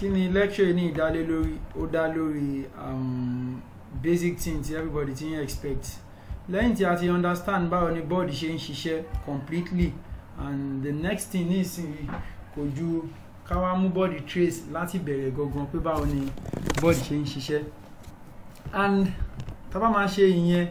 kí lecture ní ìdálé lórí ó dá lórí um, basic things everybody ti ń expect lẹ́yìn tí a ti understand báwo ni board ṣe ń ṣiṣẹ́ completely and the next thing nísìnyí kò ju ká wá mú body trace láti bẹ̀rẹ̀ gangan pé báwo ni body ṣe ń ṣiṣẹ́ and tá bá máa ṣe ìyẹn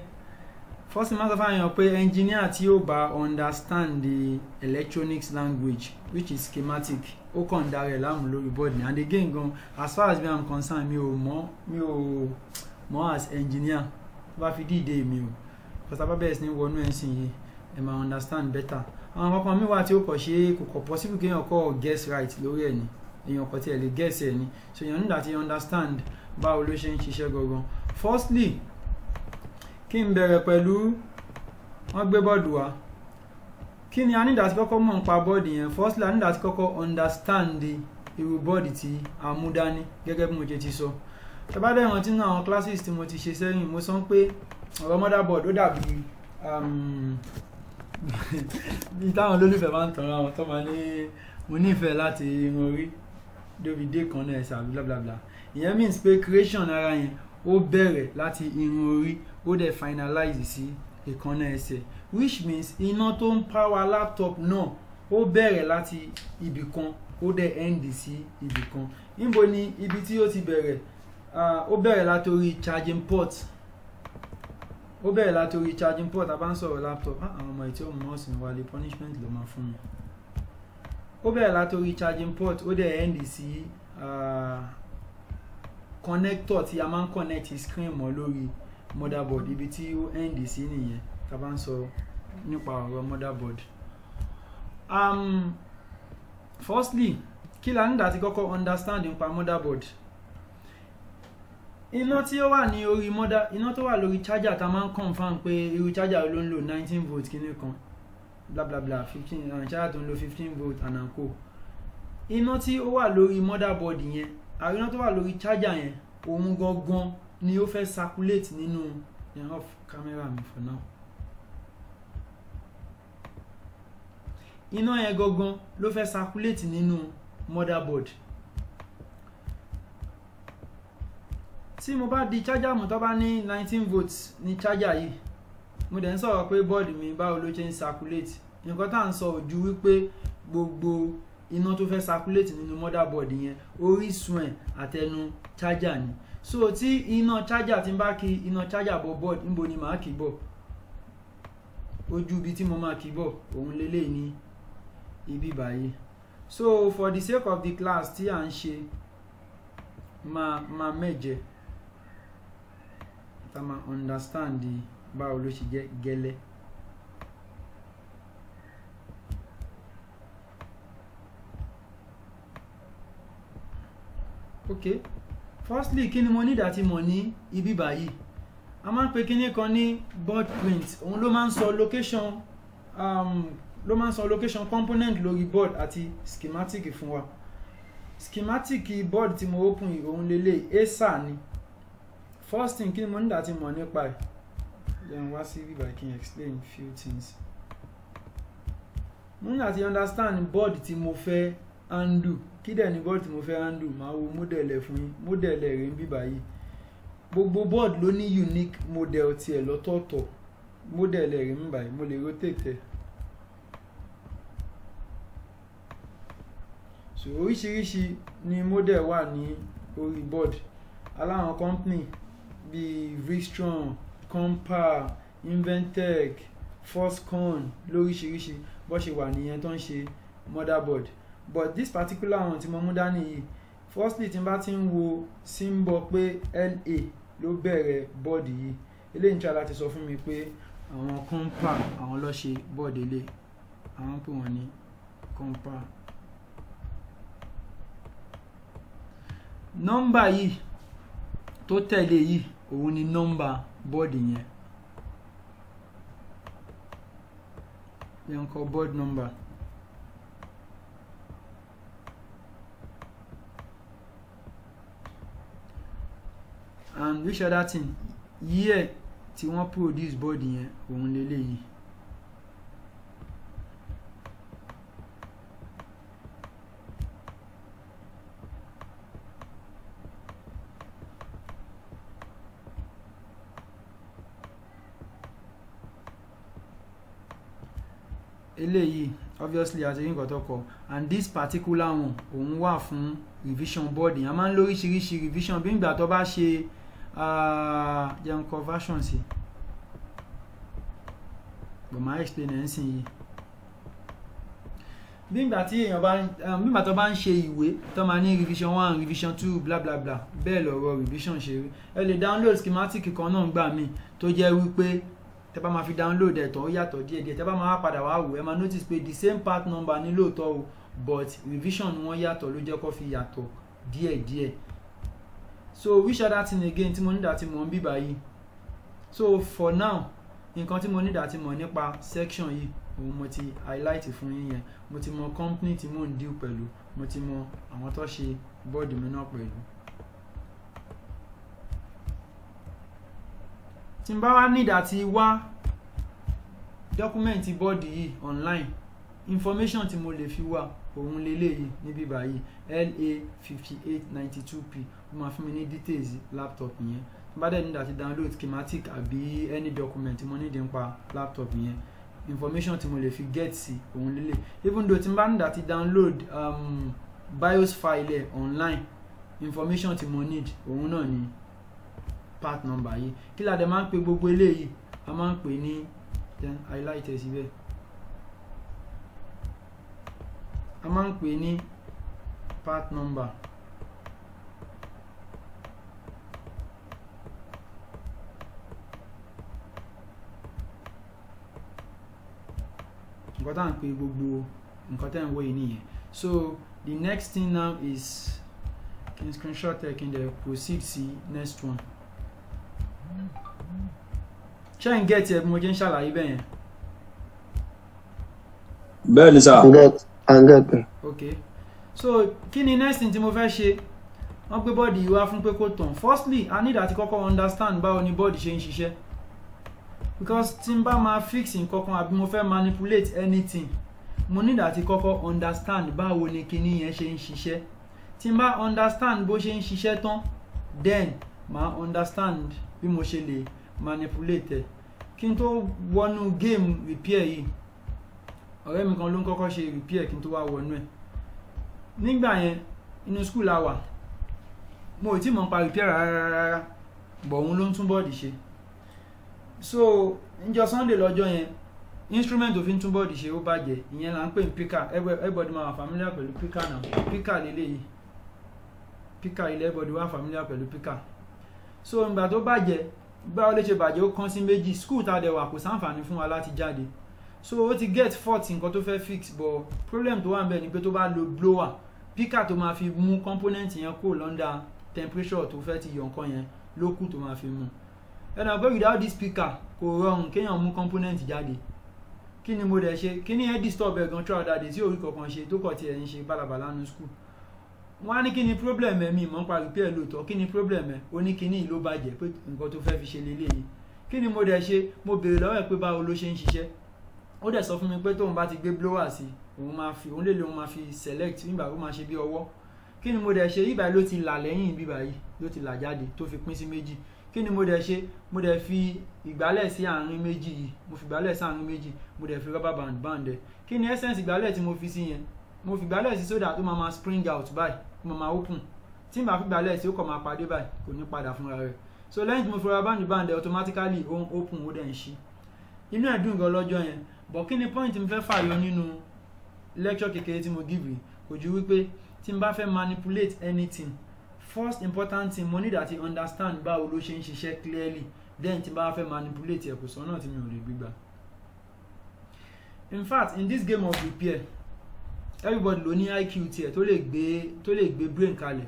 first matter fàyàn pé engineer tí ó bá understand the electronics language which is schematic ó kàn dára ẹ̀ láàmú board ni and again gan as far as me am concerned mi o mo mi o mo as engineer tó bá fi dìde mi o because abábẹ́ ni wonu ẹ̀sìn yìí ẹ̀ máa understand better àwọn kankan mi wà tí ó kọ̀ ṣe kò kọ̀ possible kéèyàn kọ́ guess right lórí ẹ̀ ni èèyàn kọ̀ tiẹ̀ lè guess ẹ̀ ni so èèyàn nígbà tí you understand báwo ló ṣe ń ṣiṣẹ́ gangan firstly kí n bẹ̀rẹ̀ pẹ̀lú wọ́n gbé bọ́ọ̀dù wa kí ni a ní ìdásí kọ́kọ́ mọ̀ nípa bọ́ọ̀dù yẹn firstly a ní ìdásí kọ́kọ́ understand irú bọ́ọ̀dù tí a mú dání gẹ́gẹ́ bí mo ṣe ti sọ ẹ bá dẹ̀ rántí nínú àwọn classes tí mo ti ṣe sẹ́yìn mo sọ pé ọ̀rọ̀ motherboard ó dàbí um, bí táwọn olólùfẹ́ máa ń tọrọ àwọn tó máa ní mo nífẹ̀ẹ́ láti irun orí débi dé kan náà ẹ̀sà blablabla ìyẹn means pé creation ara yẹn ó bẹ̀rẹ̀ láti irun orí ó dẹ̀ finalize sí ìkànnà ẹsẹ̀ which means iná tó ń power laptop náà ó bẹ̀rẹ̀ láti ibì kan ó dẹ̀ end sí ibì kan níbo ni ibi tí ó ti bẹ̀rẹ̀ ó bẹ̀rẹ̀ látòrí charging port ó bẹ̀rẹ̀ látòrí charging port a laptop ah, àwọn ọmọ ìtí ọmọ ọ̀sìn wà punishment ló máa fún mi ó bẹ̀rẹ̀ látòrí charging port ó dẹ̀ end sí connector tí a máa ń connect screen mọ́ lórí motherboard ibi tí ó end sí nìyẹn tá a bá ń sọ nípa ọ̀rọ̀ motherboard. Um, firstly kí la nígbà tí kọ́kọ́ understand nípa motherboard iná tí ó wà ní orí mother iná tó wà lórí charger tá a máa ń confam pé irú charger ló ń lò nineteen volt kíní kan bla bla bla fifteen uh, charger tó ń lò fifteen volt and anko iná tí ó wà lórí motherboard yẹn àríná tó wà lórí charger yẹn òun gangan ni ó fẹ́ circulate nínú yẹn off camera mi for now. iná yẹn gangan ló fẹ́ circulate nínú motherboard. tí mo bá di charger mú tó bá ní nineteen volts ní charger yìí mo dẹ̀ ń sọ̀rọ̀ pé bọ́ọ̀dù mi báwo ló ṣe ń circulate nǹkan tá à ń sọ ò ju wípé gbogbo iná tó fẹ́ circulate nínú motherboard yẹn orísun ẹ̀ àtẹnu charger ni so tí iná charger ti ń bá kí iná charger bọ board níbo ni màá kì í bọ̀ ojú ibi tí mo máa kì í òun lélẹ̀ ní ibi báyìí so for the sake of the class tí à ń ṣe máa máa mẹ́jẹ tá máa understand báwo ló ṣe jẹ́ gẹ́lẹ́. okay firstly kí ni mo ní ìdàtí mọ̀ ní ibi báyìí a máa ń pe kíní kan ní board print òun ló máa ń sọ location um, ló máa ń sọ location component lórí board àti schematic fún wa schematic board tí mo open yìí òun lélẹ̀ acer ni first thing kí ni mo ní ìdàtí mọ̀ nípa ẹ̀ then wá sí bíbá kí n explain few things mo ní àti understand board tí mo fẹ́ handle kí dẹ̀ ni bọ́ọ̀lù tí mo fẹ́ handle máa wo model ẹ̀ fún yín model ẹ̀ rèé ń bíbá yìí gbogbo board ló ní unique model tiẹ̀ lọ́tọ̀ọ̀tọ̀ model ẹ̀ rèé ń bíbá yìí mo lè rotate ẹ̀ so oríṣiríṣi ni model wà ní orí board aláwọn company bíi Vrictron compa Inventec Foxconn lóríṣiríṣi bó ṣe wà nìyẹn tó ń ṣe motherboard but this particular one tí mo mú dání yìí firstly tí n bá ti ń wo symbol pé la ló bẹ̀rẹ̀ bọ́ọ̀dì yìí eléyìí ń tra láti sọ fún mi pé àwọn compa àwọn ló ṣe bọ́ọ̀dì ilé àwọn pè wọ́n ní compa. nọ́mbà yìí tó tẹ̀lé yìí òun ni nọ́mbà bọ́ọ̀dì yẹn yẹn kọ board number. and which other thing year tí wọ́n produce board yẹn òun leléyìí eléyìí obviously àti nǹkan tó kọ and this particular one òun wà fún revision board yẹn a máa ń lóríṣiríṣi revision bí ìgbà tó bá ṣe yɛnkɔ versions yi bọ̀ máa explain ẹ̀ ń sìn yìí bígbà tí èèyàn bá ehm, bígbà tó bá ń ṣe ìwé tó máa ní revision one revision two bla bla bla bẹ́ẹ̀ lọ̀rọ̀ revision ṣe rí ẹ lè download schematic kan náà gbà mí tó jẹ́ wípé tẹ bá máa fi download ẹ̀tọ́ ó yàtọ̀ díẹ̀díẹ̀ tẹ bá máa padà wá wò ẹ máa notice pé the same part number ní lóòótọ́ o but revision wọn yàtọ̀ ló jẹ́ kó fi yàtọ̀ díẹ̀díẹ̀ so which other thing again tí mo ní dàtí mọ̀ ń bí báyìí so for now nǹkan tí mo ní dàtí mọ̀ nípa section yìí òun mo ti highlight fún yín yẹn mo ti mọ company tí mò ń deal pẹ̀lú mo ti mọ àwọn tó ṣe bọ́ọ̀dù mi náà pẹ̀lú. tí n bá wá ní ìdàtí wá dọ́kúmẹ̀ntì bọ́ọ̀dù yìí online information tí mo lè fi wá òun leléyìí níbí báyìí la fifty eight ninety two p ó máa fún mi ní details laptop yẹn tó bá dẹ̀ nígbà tí download schematic àbí any document mo nídìí nípa laptop yẹn information tí mo lè fi get sí òun lélẹ̀ even though tí n bá nígbà tí download um, bios file online information tí mo need òun náà ni part number yìí kí la dẹ̀ máa ń pe gbogbo eléyìí a máa ń pè ní highlight ẹ̀ síbẹ̀. a máa ń pè ní part number nǹkan tá à ń pè gbogbo nǹkan tá à ń wọ yìí nìyẹn so the next thing now is kí n screenshot ẹ kí n dẹ̀ proceed sí next one ṣé n gẹ̀ẹ́tì ẹ̀ bí mo ṣe ń ṣàlàyé bẹ́ẹ̀ yẹn. bẹ́ẹ̀ sáà àǹgàgbìn. ok so kí ni next thing tí mo fẹ́ ṣe wọ́n gbé bọ́ọ̀dì wá fún pé kó tàn firstly i need àti kọ́kọ́ understand báwo ni bọ́ọ̀dì ṣe ń ṣiṣẹ́ because tí n bá máa fix nǹkankan àbí mo fẹ́ manipulate anything mo need àti kọ́kọ́ understand báwo ni kinní yẹn ṣe ń ṣiṣẹ́ tí n bá understand bó ṣe ń ṣiṣẹ́ tán then ma understand bí mo ṣe lè manipulate ẹ̀ kí n tó wọnú game repair yìí ọ̀rẹ́ mi kan ló ń kọ́kọ́ ṣe repair kí n tó wá wọnú ẹ̀ nígbà yẹn inú skul la wà mo ò tí mọ̀ ń pa repair rárá bọ̀ òun ló ń tún bọ́ọ̀dì ṣe so níjọ́ sunday lọ́jọ́ yẹn instrument tó tún bọ́ọ̀dì ṣe ó bàjẹ́ ìyẹn là ń pè ní píkà everybody máa wà familiar pẹ̀lú píkà náà píkà lélẹ́yìí píkà ilẹ̀ everybody wà familiar pẹ̀lú píkà so ìgbà tó bàjẹ́ báwo lè ṣe bàjẹ́ ó kán sí méjì skul tá a dẹ̀ wà kò sáǹfààní fún wa láti jáde so ó ti get fault nǹkan tó fẹ́ fix but problem tó wà níbẹ̀ ni pé tó bá lo blower píkà to ma fi mu component yẹn kó londa temperature to fẹ́ ti yọ nǹkan yẹn ló kù tó fi mu. ẹnà pé without this píkà kò rọrùn kéèyàn mu component jáde kí ni mo dẹ̀ ṣe kí ni ẹ disturb ẹ̀ gan throughout that day tí orí kankan ṣe tó kọ̀ tiẹ̀ ń ṣe bálabàlá nu school wọ́n á ní kí ni problem ẹ̀ mi ìmọ̀ nípa repair lóòótọ́ kí ni problem ẹ̀ ó ní kíní ló bàjẹ́ pé nǹkan tó fẹ́ fi ṣe lélẹ́yìn kí ni mo dẹ̀ ṣe mo béèrè lọ́wọ́ ẹ̀ pé báwo ló ṣe ń ṣiṣẹ́ ó dẹ̀ sọ fún mi pé tóun bá ti gbé blower sí òun máa fi òun lè òun máa fi select nígbà ó máa ṣe bí ọwọ́ kí ni mo dẹ̀ ṣe ibà ló ti là lẹ́yìn bíbà yìí ló ti là jáde tó fi pín sí méjì kí ni mo dẹ̀ ṣe mo dẹ̀ fi ìgbálẹ̀ sí àárín méjì yìí mo fi ìgbálẹ̀ sí àárín méjì mo dẹ̀ fi rubber band band ẹ̀ kí ni essence ìgbálẹ̀ tí mo fi sí yẹn mo fi ìgbálẹ̀ sí sódà tó máa ma spring out báyìí kó máa open tí màá fi ìgbálẹ̀ sí ó kọ̀ máa padé báyìí kò ní padà fúnra rẹ̀ so lẹ́yìn tí mo fi rubber band band ẹ̀ automatically ó open ó dẹ̀ ń ṣí inú ẹ̀ dùn gan lọ́jọ́ yẹn but kí ni point mi fẹ́ fàyọ nínú lecture kékeré tí mo give kò ju wípé tí n bá fẹ́ manipulate anything first important thing mo need àti understand báwo ló ṣe ń ṣiṣẹ́ clearly then tí n bá fẹ́ manipulate ẹ̀ kò sọ náà tí mi ò lè gbígbà in fact in this game of repair everybody ló ní IQ tiẹ̀ tó lè gbé tó lè gbé brain kalẹ̀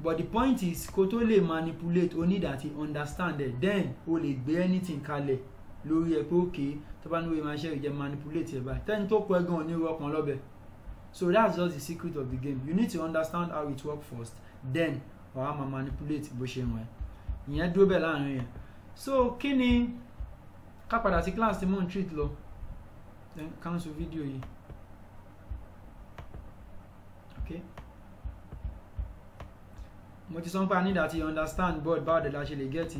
but the point is kó tó lè manipulate o need àti understand ẹ̀ then o lè gbé anything kalẹ̀ lórí ẹ̀ pé okay tó bá níwèé máa ṣe ìjẹ manipulate ẹ báyìí tẹ́ni tó kọ ẹ gan-an ní irú ọkàn lọ́bẹ̀ so that's just the secret of the game you need to understand how it work first then wàá máa manipulate bó ṣe wọ̀n ẹ́ ìyẹn dúró bẹ́ẹ̀ láàrin yẹn so kí ni ká padà sí class tí mò ń treat lọ then cancel video yìí okay mo ti sọ pé a need àti understand board báwo dẹ̀ la ṣe lè get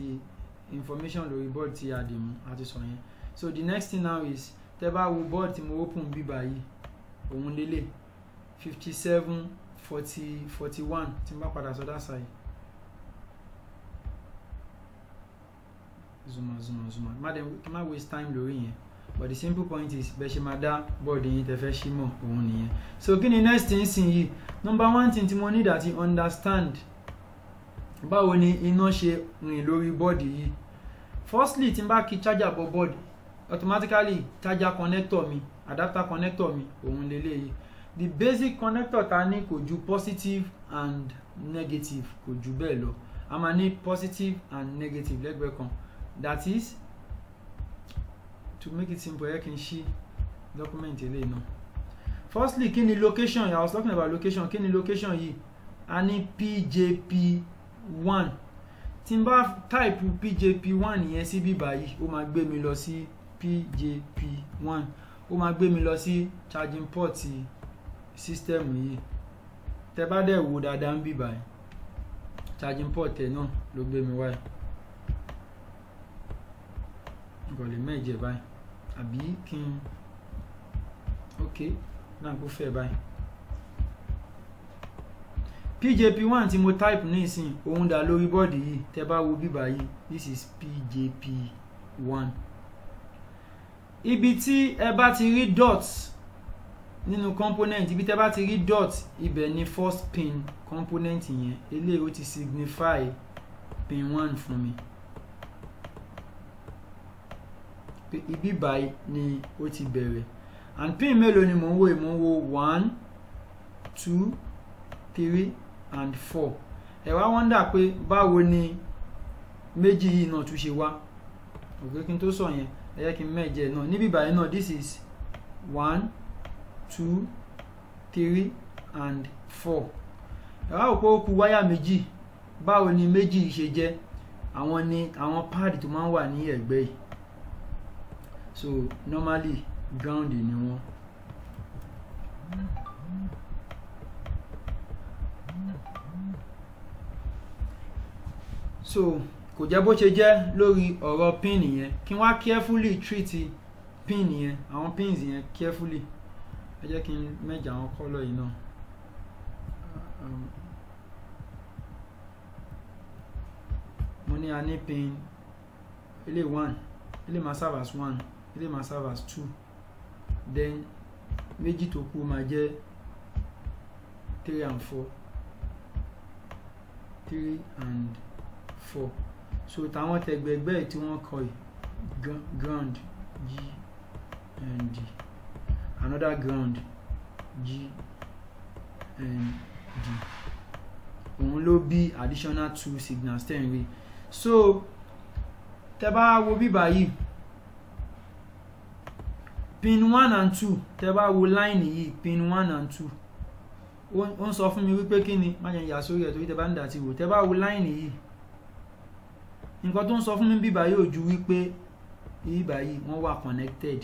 information lórí board ti àdìmú àti sọ yẹn so the next thing now is tẹ́ bá wo board tí mo open bí báyìí òun lélẹ̀ fifty seven forty forty one tí n bá padà sọ́dá sàyè. zuma zuma zuma madam kí n má waste time lórí yẹn but the simple point is bẹ́ẹ̀ ṣe máa dá bọ́ọ̀dù yín tẹ́fẹ́ ṣí mọ̀ òun nìyẹn so kí ni next thing sìn yìí number one thing tí mo need àti understand báwo ni iná ṣe rìn lórí bọ́ọ̀dù yìí firstly tí n bá kí charger bọ bọ́ọ̀dù automatically charger connector mi adapter connector mi òun leléyìí the basic connector ta ní kò ju positive and negative kò ju bẹ́ẹ̀ lọ a máa ní positive and negative lẹ́gbẹ̀ẹ́ kan that is to make it simple yẹ kí n ṣí document eléyìí náà firstly kini location I was talking about location Kini location yìí a ní pjp one tí n bá type pjp one yẹn síbí báyìí ó máa gbé mi lọ sí pjp1 ó máa gbé mi lọ sí charging port system yìí tẹ bá dẹ̀ wo dáadáa ń bì báyìí charging port ẹ̀ náà ló gbé mi wáyé ìrọ̀lẹ́ mẹ́jẹ báyìí àbí kí n ok náà kó fẹ́ báyìí pjp1 tí mo type nísìn òun dà lórí bọ́ọ̀dì yìí tẹ bá wo bíbá yìí this is pjp1 ibi tí ẹ bá ti rí dot nínú component ibi tí ẹ bá ti rí dot ibẹ̀ ni first pin component yẹn eléyìí ó ti signify pin one fún mi pé ibi báyìí ni ó ti bẹ̀rẹ̀ and pin mélòó ni mò ń wo mò ń wo one two three and four ẹ wá wọ́ndà pé báwo ni méjì yìí náà tún ṣe wá òkè kí n tó sọ yẹn ẹ jẹ́ kí n mẹ́jẹ náà níbí báyìí náà this is one two three and four ẹ̀rọ àwòpọ̀ ó kù wáyà méjì báwo ni méjì ṣe jẹ́ àwọn ni àwọn páàdì tó máa ń wà ní ẹ̀gbẹ́ yìí so normally ground ni wọ́n. so kò jẹ́ bó ṣe jẹ́ lórí ọ̀rọ̀ pin yẹn kí wọ́n á carefully treat pin yẹn àwọn pins yẹn carefully ẹ jẹ́ kí n mẹ́jà àwọn kọ́lọ̀ yìí náà. mo ní a ní pin ilé one ilé máa serve as one ilé máa serve as two then méjì tó kù máa jẹ́ three and four three and four so táwọn tẹgbẹgbẹ tí wọ́n kọ yìí ground g and d another ground g and d òun ló bí additional two signals ten rí so tẹ bá wo bíbá yìí pin one and two tẹ bá wo line yìí pin one and two ó ń sọ fún mi wípé kí ni má jẹ́ ìyà sórí ẹ̀ torí tẹ bá ń dà ti wò tẹ bá wo line yìí nǹkan tó ń sọ fún mi bíbá yóò ju wípé bíbá yìí wọ́n wà connected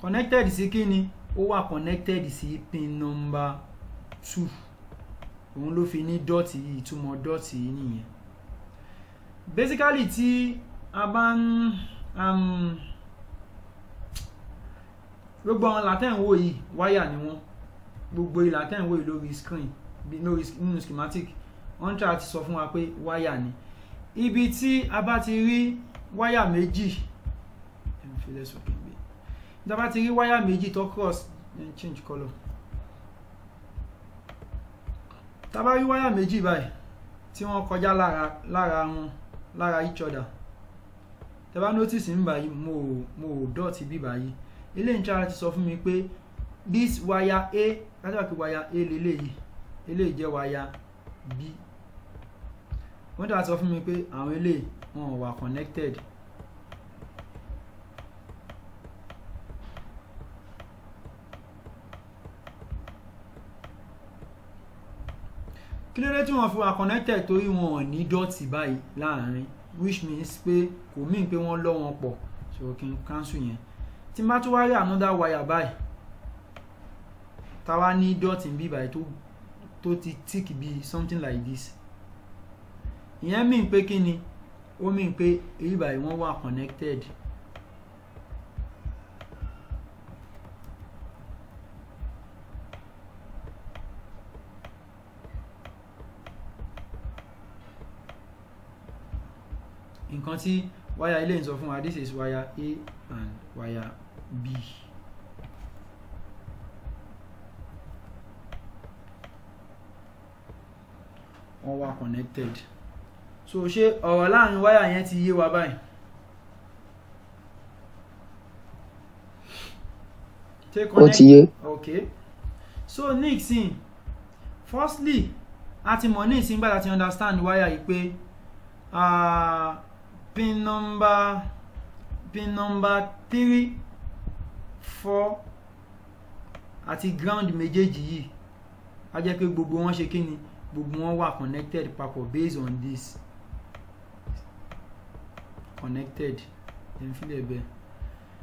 connected sí kí ni ó wà connected sí pin number two òun ló fi ní dọ́ọ̀tì yìí ìtumọ̀ dọ́ọ̀tì yìí nìyẹn basically tí a bá ń um, gbogbo àwọn látẹ̀ ń wò yìí wáyà ni wọ́n gbogbo ìlà tẹ̀ ń wòye lórí screen nínú schematic wọ́n ń try àti sọ fún wa pé wáyà ni ibi tí a bá ti rí wáyà méjì tí a bá ti rí wáyà méjì tó cross change color. tá a bá rí wáyà méjì báyìí tí wọ́n kọjá lára lára wọn lára each other tẹ́ bá notice ń báyìí mo ò dọ̀tí bí báyìí eléyìí ń try àti sọ fún mi pé this wire a lájọ́ kí wire a leléyìí eléyìí jẹ́ wire b wọ́n dà sọ fún mi pé àwọn eléyìí wọn ò wà connected kí ló dé tí wọ́n fi wà connected torí wọn ò ní dọ́ọ̀tì báyìí láàárín which means pé kò mí pé wọ́n lọ́ wọn pọ̀ so kí n cancel yẹn tí n bá tún wá rí another wire báyìí táwa ní dot ń bí báyìí tó tó ti tick bí something like this ìyẹn mìíràn pé kí ni ó mìíràn pé èyí báyìí wà connected. nǹkan tí wáyà ilé ń sọ fún wa this is wáyà A and wáyà B. wọ́n wà connected so ṣé ọ̀rọ̀ láàrin wáyà yẹn ti yé wa báyìí Take connect. okay so nixon firstly a ti mọ̀ ní ìsìn gbàdá ti understand wáyà yìí pé uh, pin number pin number three four àti ground méjèèjì yìí a jẹ́ pé gbogbo wọn ṣe kí ni gbogbo wọn wà connected papọ̀ based on this connected ẹ̀m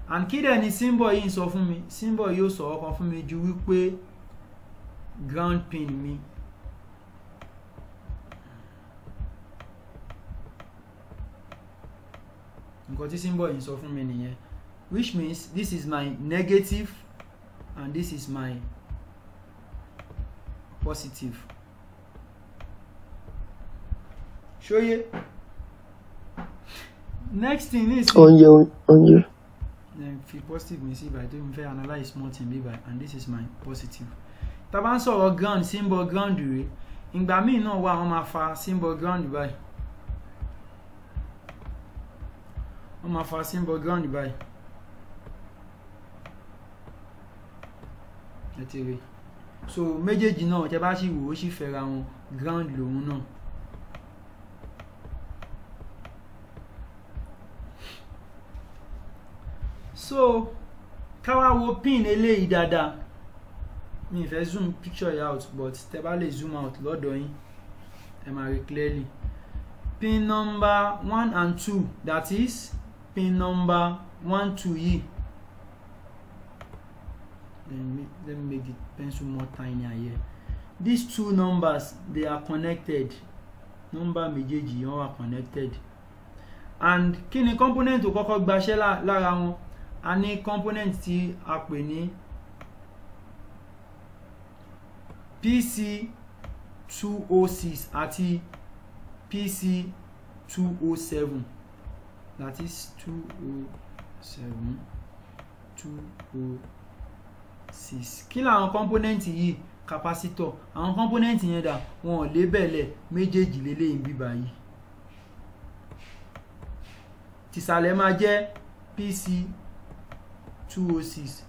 and kí dẹ̀ ni symbol yìí ń sọ fún mi symbol yóò sọ ọkàn fún mi ju wípé ground pin mi nǹkan tí symbol yìí sọ fún mi nìyẹn which means this is my negative and this is my positive. ṣóyé next thing is. oúnjẹ oúnjẹ. then fi positive mi see by doing mi fẹ́ analyse small thing bí ibàyí and this is my positive. Taba a bá ground symbol ground rèé ìgbà míì náà wà wọ́n máa fa symbol ground báyìí wọ́n máa fa symbol ground báyìí. ẹ ti rí so méjèèjì náà tẹ bá sì wò ó sì fẹ́ra wọn ground lòun náà. so káwá wo pin eléyìí dáadáa mi fẹ́ zoom picture out but tẹ bá lè zoom out lọ́dọ̀ yín ẹ máa rí clearly pin number one and two that is pin number one two yìí let me let me make the pencil more tiny here these two numbers they are connected number méjèèjì yẹn wà connected and kí ni component tó kọ́kọ́ gbaṣẹ́ lára wọn a ní component tí a pè ní pc206 àti pc207 that is 207 206 kí làwọn component yìí capacitor àwọn component yẹn dà wọn ò lébẹ̀lẹ̀ méjèèjì lélẹ́yìn bíbá yìí tìsàlẹ̀ máa jẹ́ pc two o oh six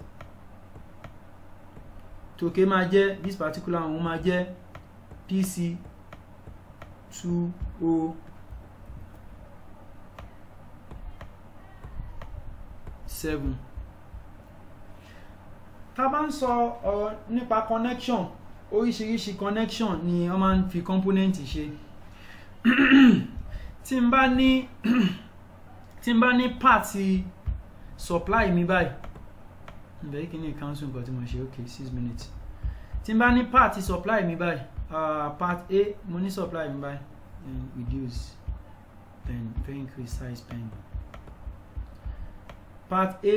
tòkè máa jẹ́ this particular one máa jẹ́ pc two o oh seven tá a bá ń sọ ọ̀rọ̀ nípa connection oríṣiríṣi connection ni wọ́n máa ń fi component ṣe tí n bá ní tí n bá ní part supply mi báyìí ibẹ̀ kí ni council nǹkan tí mo ṣe okay six minutes tí n bá ní part supply mi báyìí uh, part a mo ní supply mi báyìí then reduce then then increase size pen part a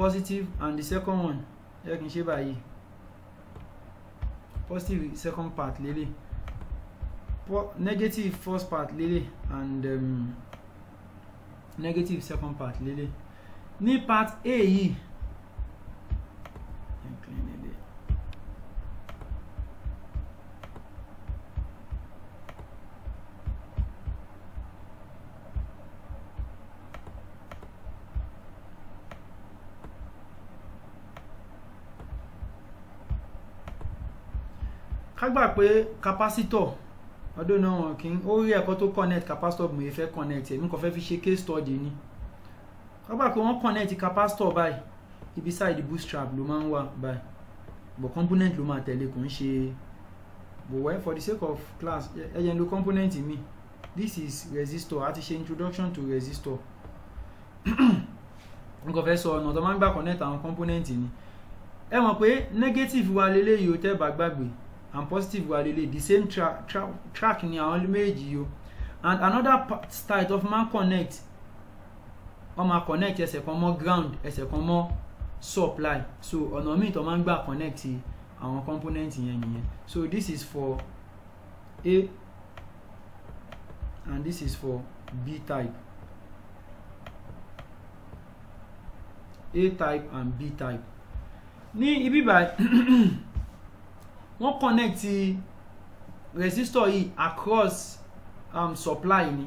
positive and the second one yẹ kí n ṣe báyìí positive second part lele negative first part lele and um, negative second part lele ní part a yìí gbà pé capacitor ọdún náà wọn kì í ó rí ẹ̀kọ́ tó connect capacitor mo fẹ́ connect èmi kò fẹ́ fi ṣe case study ni ká gbà pé wọ́n connect capacitor báyìí ibi side bootstrap ló máa ń wà báyìí but component ló máa tẹ̀lé kò ń ṣe but well for the sake of class ẹyẹ ń lo component mi this is resistor a ti ṣe introduction to resistor n kò fẹ́ sọ ọ̀nà tó máa ń gbà connect àwọn component ni ẹ mọ̀ pé negative wa leléyìí o tẹ́ bá gbàgbé and positive wà lélẹ̀ the same tra tra track ni àwọn méjì yìí o and another part style of fi connect wọ́n máa connect ẹsẹ̀ kan mọ́ ground ẹsẹ̀ kan mọ́ supply so ọ̀nà míì tó máa ń connect àwọn component yẹn nìyẹn so this is for A and this is for B type A type and B type Ni ibi báyìí wọ́n connect resistor yìí across um, supply ni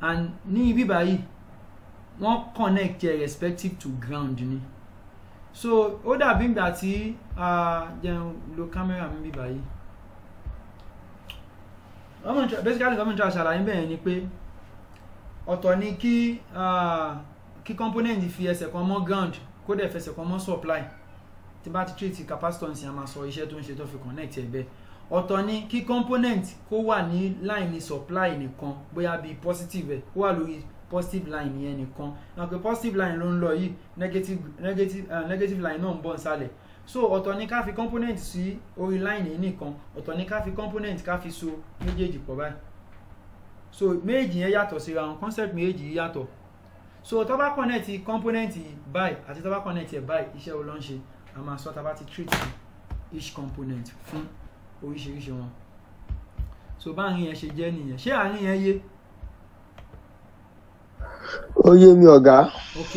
and ní ibi báyìí wọ́n connect uh, respective to ground ni so ó dàbí ìgbà tí jẹun lo kámẹ́rà mi bí báyìí basically government tra ṣàlàyé bẹ́ẹ̀ ni pé ọ̀tọ̀ ni kí kí component fi ẹsẹ̀ kan mọ́ ground kó dẹ̀ fẹsẹ̀ kan mọ́ supply tí bá ti treat capacitance a máa sọ iṣẹ́ tó ń ṣe tó fi connect ẹ̀ bẹ́ẹ̀ ọ̀tọ̀ ni kí component kó wà ní line supply nìkan bóyá bíi positive ẹ̀ kó wà lórí positive line yẹn nìkan na pé positive line ló ń lọ yìí negative negative uh, negative line náà ń bọ̀ nsàlẹ̀ so ọ̀tọ̀ ni ká fi component sí orí line yìí nìkan ọ̀tọ̀ ni ká fi component ká fi so méjèèjì pọ̀ báyìí so méjì yẹn yàtọ̀ síra wọn concept méjì yìí yàtọ̀ so tó bá connect component yìí báyìí àti tó bá connect yẹn báyìí iṣẹ́ wo ló ń ṣe a máa sọ tá a bá ti treat each component fún oríṣiríṣi wọn so báàrin yẹn ṣe jẹ́ nìyẹn ṣé àárín yẹn yé. ó yé mi ọ̀gá. ok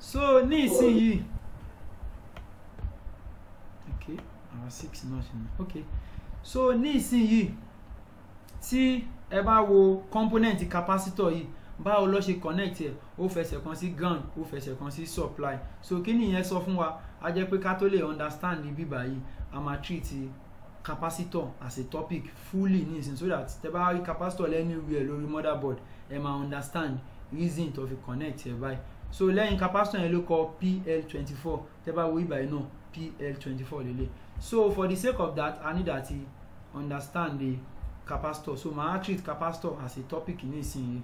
so ní ìsinyìí ok àwọn six náà ṣe ní ok so ní ìsinyìí tí ẹ bá wo component capacitor yìí báwo ló ṣe connect ẹ ó fẹsẹ̀ kan sí ground ó fẹsẹ̀ kan sí supply so kí nìyẹn sọ fún wa á jẹ́ pé ká tó lè understand ibi báyìí a máa treat capacitor as a topic fully ní ìsìn so that tẹ́ bá rí capacitor anywhere lórí motherboard ẹ máa understand reason tó fi connect ẹ báyìí so lẹ́yìn capacitor yẹn ló kọ pl24 tẹ́ bá wo ibàyìí náà pl24 lélẹ̀ so for the sake of that i need that understand the capacitor so màá treat capacitor as a topic ní ìsìn yìí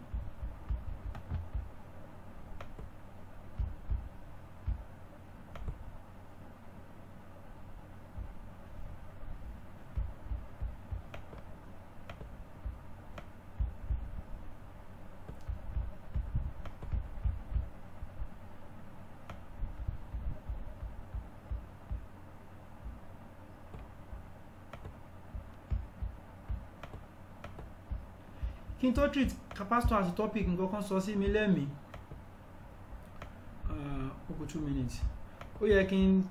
kí n tó treat capacitor as a topic nǹkan kan sọ sí mi lẹ́mìí uh, ó kù two minutes ó yẹ kí n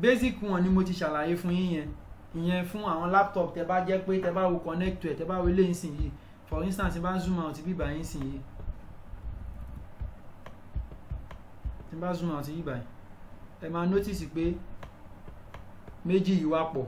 basic one ni mo ti ṣàlàyé fún yín yẹn ìyẹn fún àwọn laptop tẹ bá jẹ́ pé tẹ bá wo connect ẹ tẹ bá wo ilé ìsìnyí for instance bá ń zoom out bí ìbàyí ìsìnyí tí bá zoom out bí ìbàyí ẹ máa notice pé méjì yìí wà pọ̀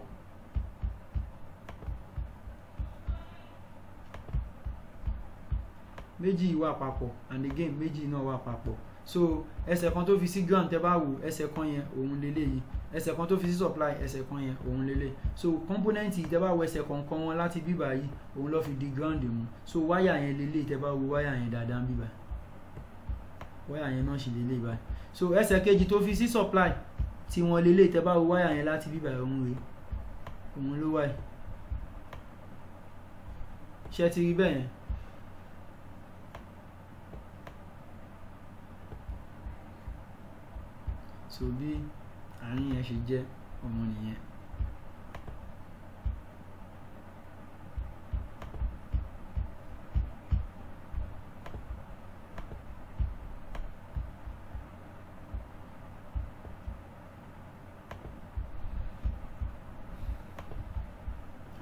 méjì wà papọ̀ and again méjì náà wà papọ̀ so ẹsẹ̀ kan tó fi sí ground tẹ́ bá wò ẹsẹ̀ kan yẹn òun leléyìí ẹsẹ̀ kan tó fi sí supply ẹsẹ̀ kan yẹn òun lélẹ̀ so component tẹ́ bá wo ẹsẹ̀ kọ̀ọ̀kan wọn láti bíbà yìí òun ló fi di ground mu so wáyà yẹn lélẹ̀ tẹ́ bá wo wáyà yẹn dáadáa bíbà wáyà yẹn náà sì lélẹ̀ báyìí so ẹsẹ̀ kejì tó fi sí supply tí wọ́n lélẹ̀ tẹ́ bá wo wáyà yẹn láti bíbà òun rèé òun ló wáyà ṣé ti rí bẹ́ẹ̀ yẹn so bí àárín yẹn ṣe jẹ́ ọmọ nìyẹn.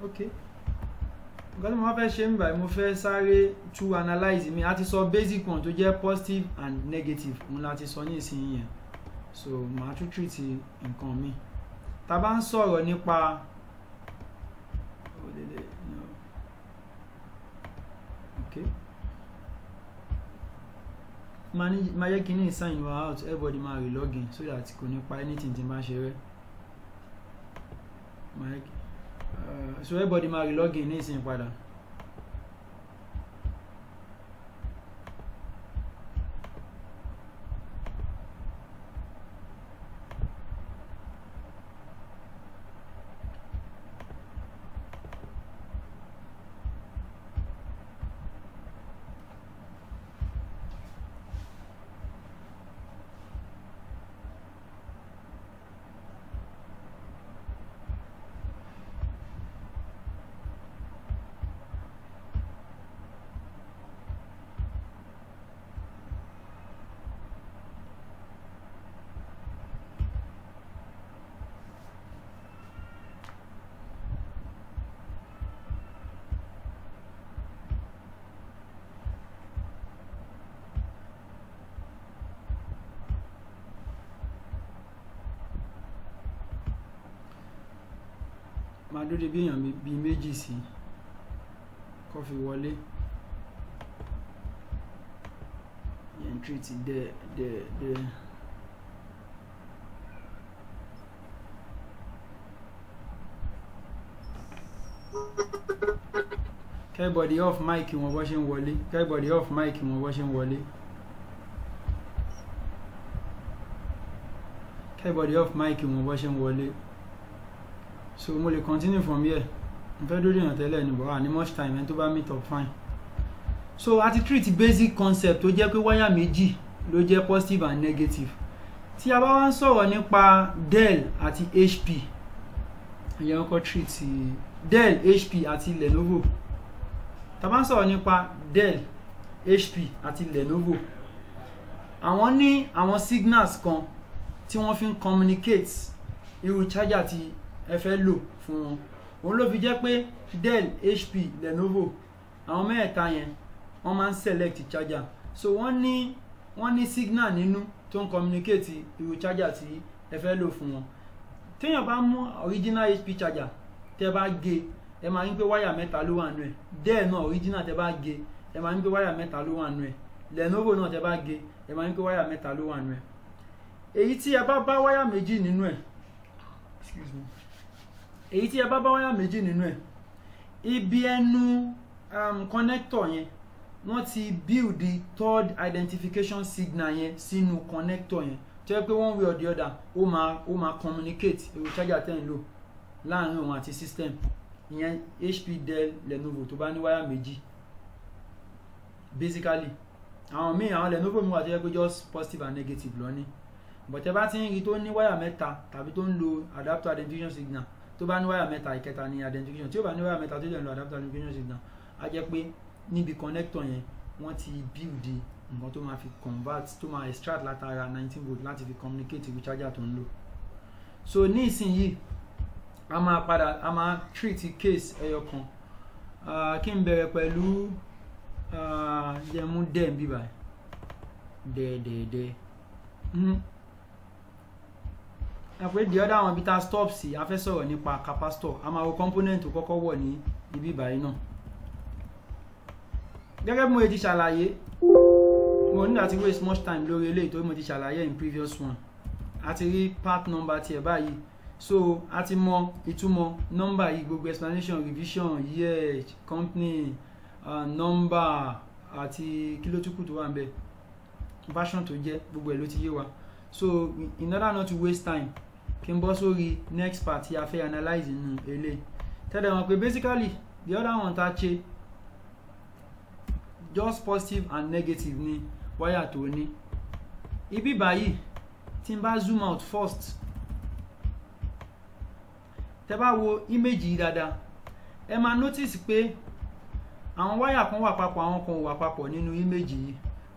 okay nǹkan tí mo fẹ́ ṣe ń bá mo fẹ́ sáré tú analyze mi a ti sọ basic one tó jẹ́ positive and negative òun la ti sọ ní ìsinyìí yẹn so màá tún treat nǹkan mi tá a bá ń sọ̀rọ̀ nípa oh, okay máa yẹ kí ní sign you out everybody máa re login so that kò ní pa anything tí n bá ṣe rẹ uh, so everybody máa re login ní ìsìn padà. máa dúró bí èèyàn bíi méjì sí kó fi wọlé entry ti dẹ dẹ dẹ. kẹ́bọ̀dì off mic wọn bọ́ ṣe ń wọlé kẹ́bọ̀dì off mic wọn bọ́ ṣe ń wọlé kẹ́bọ̀dì off mic wọn bọ́ ṣe ń wọlé so mo lè continue from here mo fẹ́ dórí èèyàn tẹ́lẹ̀ ni but àní much time ẹni tó bá meet up fine so a ti treat basic concept tó jẹ́ pé wáyà méjì ló jẹ́ positive and negative tí a bá wá ń sọ̀rọ̀ nípa Dell àti HP ìyẹn kọ́ treat Dell HP àti Lenovo tá a bá ń sọ̀rọ̀ nípa Dell HP àti Lenovo àwọn ní àwọn signals kan tí wọ́n fi ń communicate irú charger ti ẹ fẹ́ lò fún wọn òun ló fi jẹ́ pé Dell HP Lenovo àwọn mẹ́ẹ̀ta yẹn wọ́n máa ń select charger so wọ́n ní wọ́n ní signal nínú tó ń communicate irú charger tí ẹ fẹ́ lò fún wọn téèyàn bá mú original HP charger tẹ́ bá gé ẹ máa ń pé wáyà mẹ́ta ló wà nù ẹ̀ Dell náà original tẹ́ bá gé ẹ máa ń pé wáyà mẹ́ta ló wà nù ẹ̀ Lenovo náà tẹ́ bá gé ẹ máa ń pé wáyà mẹ́ta ló wà nù ẹ̀ èyí tí ẹ bá bá wáyà méjì nínú ẹ̀ excuse me èyí tí ẹ bá bá wáyà méjì nínú ẹ̀ ibi ẹnu um, connector yẹn wọ́n ti build the third identification signal yẹn sínú connector yẹn tó yẹ pé one way or the other ó máa ó máa communicate èrò charger tẹ́ ń lò láàrin òun àti system ìyẹn HP Dell Lenovo tó bá ní wáyà méjì basically àwọn míì àwọn Lenovo mi wà tó yẹ pé just positive and negative lọ ní bọ̀tẹ́ bá ti ń rí tó ní wáyà mẹ́ta tàbí tó ń lo adapter identification signal tó bá ní wáyà mẹ́ta ìkẹta ní identification tí ó bá ní wáyà mẹ́ta tó jẹ́ ń lo adapter identification signal á jẹ́ pé níbi connector yẹn wọ́n ti build nǹkan tó máa fi convert tó máa extract látara nineteen volt láti fi communicate with charger tó ń lò so ní ìsinyìí a máa padà a máa treat case ẹyọ kan kí n bẹ̀rẹ̀ pẹ̀lú jẹ́mú dẹ̀ bíbá dẹ̀ẹ̀dẹ̀ẹ̀dẹ̀. Hmm ẹ pé the other one bitter stop sí a nípa capacitor a máa wo component kọ́kọ́ wọ̀ ní ibi ìbàyí náà gẹ́gẹ́ bí mo ti ṣàlàyé mo ní láti waste much time lórí eléyìí tó mo ti ṣàlàyé in previous one a ti rí part number tiẹ̀ báyìí so a ti mọ ìtumọ̀ number yìí gbogbo explanation revision year company uh, number àti kí tó wà ń bẹ version tó jẹ́ gbogbo ẹ̀ ló ti yé wa so in order not to waste time kí n bọ́ sórí next part tí a fẹ́ analyze nínú eléyìí tẹ́lẹ̀ wọn pé basically the other one ta ṣe just positive and negative ni wáyà tó ní ibi báyìí tí n bá zoom out first tẹ́ bá wo image yìí dáadáa ẹ máa notice pé àwọn wáyà kan wà papọ̀ àwọn kan ò wà papọ̀ nínú image yìí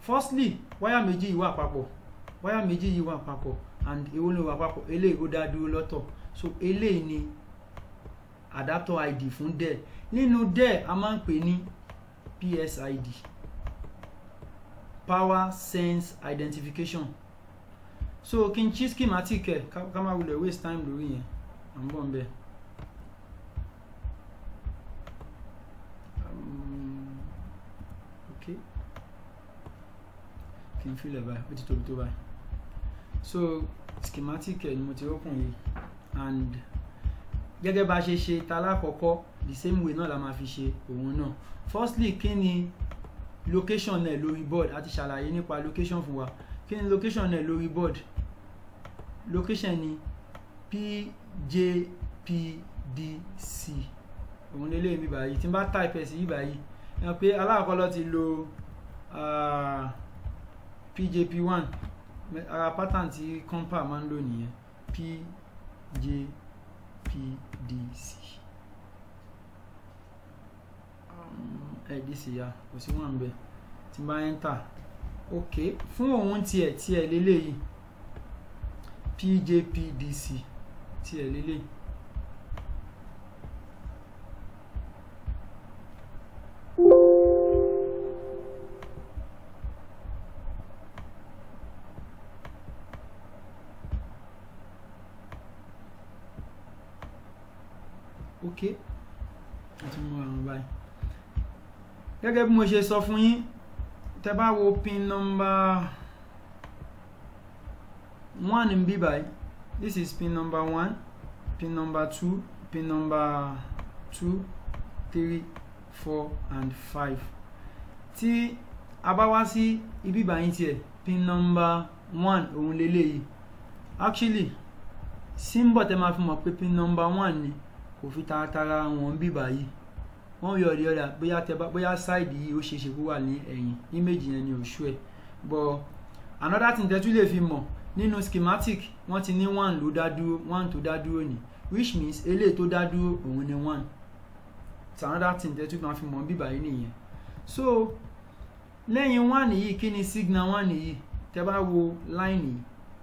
firstly wáyà méjì yìí wà papọ̀ wáyà méjì yìí wà papọ̀ and èwo ni wà papọ̀ eléyìí ó dá dúró lọ́tọ̀ so eléyìí ni adapter id fún dell nínú dell a máa ń pè ní psid power sense identification so kí n chi schematic ẹ ká má wulẹ̀ waste time lórí yẹn à ń bọ̀ ń bẹ̀. Um, okay kí n fi lè báyìí ó ti tóbi tó báyìí so schematic ẹ̀ ni mo ti open yìí and gẹ́gẹ́ bá a ṣe ṣe ta lákọ̀ọ́kọ́ the same way náà la máa fi ṣe òun náà firstly kí ni location náà lórí board a ti ṣàlàyé nípa location fún wa kí ni location náà lórí board location ni pjpdc òun lélẹ̀ mi báyìí tí n bá type ẹ̀ sí yìí báyìí ẹ̀ pé aláàkọ́lọ́ ti lo pjp ah, one ara pattern tí compa máa ń lò nìyẹn p j p d c ẹ d c ya kò sí wọn bẹ tí n bá enter ok fún òun tiẹ̀ tiẹ̀ lélẹ́yìí p j p d c tiẹ̀ lélẹ́yìí. ok a tún mú àwọn báyìí gẹ́gẹ́ bí mo ṣe sọ fún yín tẹ́ bá wo pin number one ń bí báyìí this is pin number one pin number two pin number two three four and five tí a bá wá sí ibi báyìí tiẹ̀ pin number one òun lélẹ́yìí actually symbol tẹ́ máa fi mọ̀ pé pin number one ni kò fi taratara wọn bí báyìí wọ́n rí ọ̀rẹ́ ọ̀dà bóyá tẹ bóyá sáìdì yìí ó ṣeéṣe kó wà ní ẹ̀yìn ní méjì yẹn ni òṣù ẹ̀ bọ̀ another thing tẹ́tú lè fi mọ̀ nínú schematic wọ́n ti ní one ló dá dúró one tó dá dúró ni which means eléyìí tó dá dúró òun ni one it's another thing tẹ́tú máa fi mọ̀ bí báyìí nìyẹn so lẹ́yìn one yìí kí ni signal one yìí tẹ́ bá wo line yìí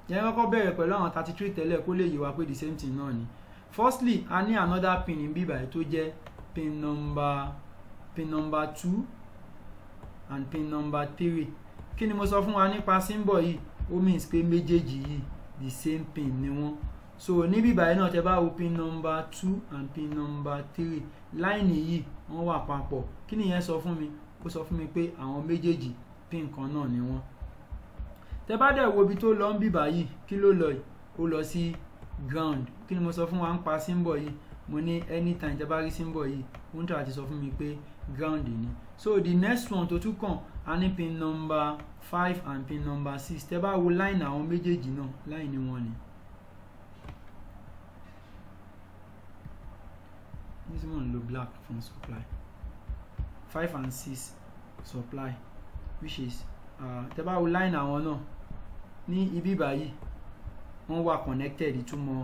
yẹn kọ́kọ́ bẹ̀rẹ̀ pẹ̀lú àwọn thirty three tẹ́lẹ̀ kó lè yé wa pé the same thing náà ni firstly a ní another pin níbí báyìí tó jẹ́ pin number pin number two and pin number three kí ni mo sọ fún wa nípa symbol yìí ó means pé méjèèjì yìí the same pin ni wọ́n so níbí báyìí náà tẹ́ bá wo pin number two and pin number three láìní yìí wọ́n wà papọ̀ kí nìyẹn sọ fún mi ó sọ fún mi pé àwọn méjèèjì pin kan náà ni wọ́n tẹ́ bá dẹ̀ wo ibi tó lọ ń bì báyìí kí ló lọ yìí ó lọ sí ground kí ni mo sọ fún wa ń pa symbol yìí mo ní anytime tẹ́ bá rí symbol yìí ó ń tọ́ àti sọ fún mi pé ground ni so the next one tó tún kàn á ní pin number five and pin number six tẹ́ bá wo line àwọn méjèèjì náà line wọn ni. this one lo black from supply five and six supply which is ah, tẹ́ bá wo line àwọn náà ní ibi báyìí wọ́n wà connected túmọ̀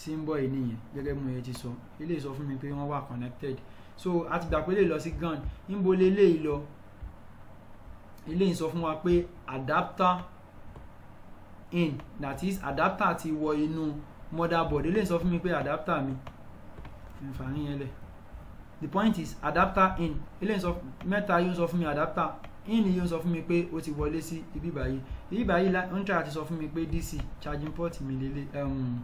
símbọ̀ yìí nìyẹn gẹ́gẹ́ bí mo yẹ ti sọ eléyìí sọ fún mi pé wọ́n wà connected so a ti gbà pé lè lọ sí gan níbo leléyìí lọ eléyìí sọ fún wa pé adapter in that is adapter ti wọ inú motherboard eléyìí sọ fún mi pé adapter mi nfààní yẹn lẹ the point is adapter in eléyìí sọ mẹ́ta yóò sọ fún mi adapter in yóò sọ fún mi pé ó ti wọlé sí ibi báyìí yìí báyìí la ń try àti sọ fún mi pé dc charging port mi lélẹ̀ um,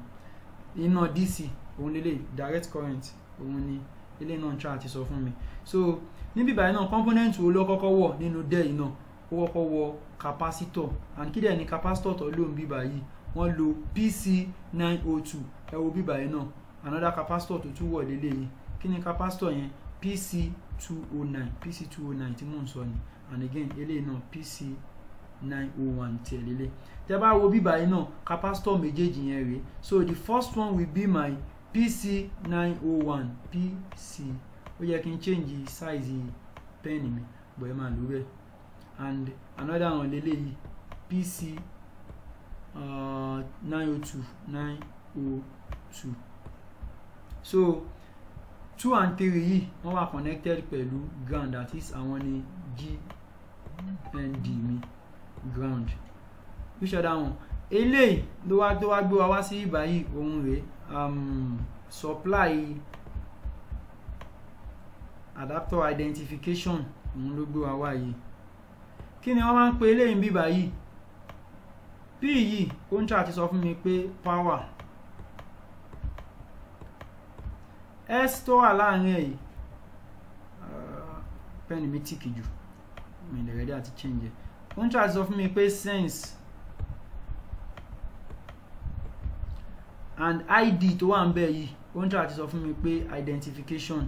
iná dc òun lélẹ̀ direct current òun ni ilé náà ń try àti sọ fún mi so níbí báyìí náà component wo ló kọ́kọ́ wọ̀ nínú dell náà ó kọ́kọ́ wọ capacitor and kí dẹ̀ ni capacitor tó lóun bí báyìí wọ́n lo pc nine oh two ẹ wo bí báyìí náà another capacitor tó tún wọ̀ lélẹ̀ yìí kí ni capacitor yẹn pc two oh nine pc two oh nine tí mò ń sọ ni and again eléyìí náà pc nine oh one tiẹ̀ lélẹ̀ tẹ́ bá wo bíbá yìí náà capacitor méjèèjì yẹn rèé so the first one will be my pc nine oh one pc ó yẹ kí n change size pen mi bọ̀ ẹ máa lò rẹ̀ and another one lélẹ́yìí pc uh, nine oh two nine oh two so two and three yìí wọ́n wà connected pẹ̀lú ground that is àwọn ni gnd mi ground which other one eléyìí ló wá tó wá gbé wa wá sí ibà yìí òun um, supply adapter identification òun ló gbé wa wá yìí kí ni wọ́n máa ń pe eléyìí bíbà yìí p yìí contra ti sọ fún mi pé power s tó wà láàrin ẹ̀ yìí uh, pẹ́ẹ́nì mi tìkì jù mi lè àti change it ó ń ṣàṣọ fún mi pé sense and id tó wà ń bẹ̀ yìí ó ń ṣàti sọ fún mi pé identification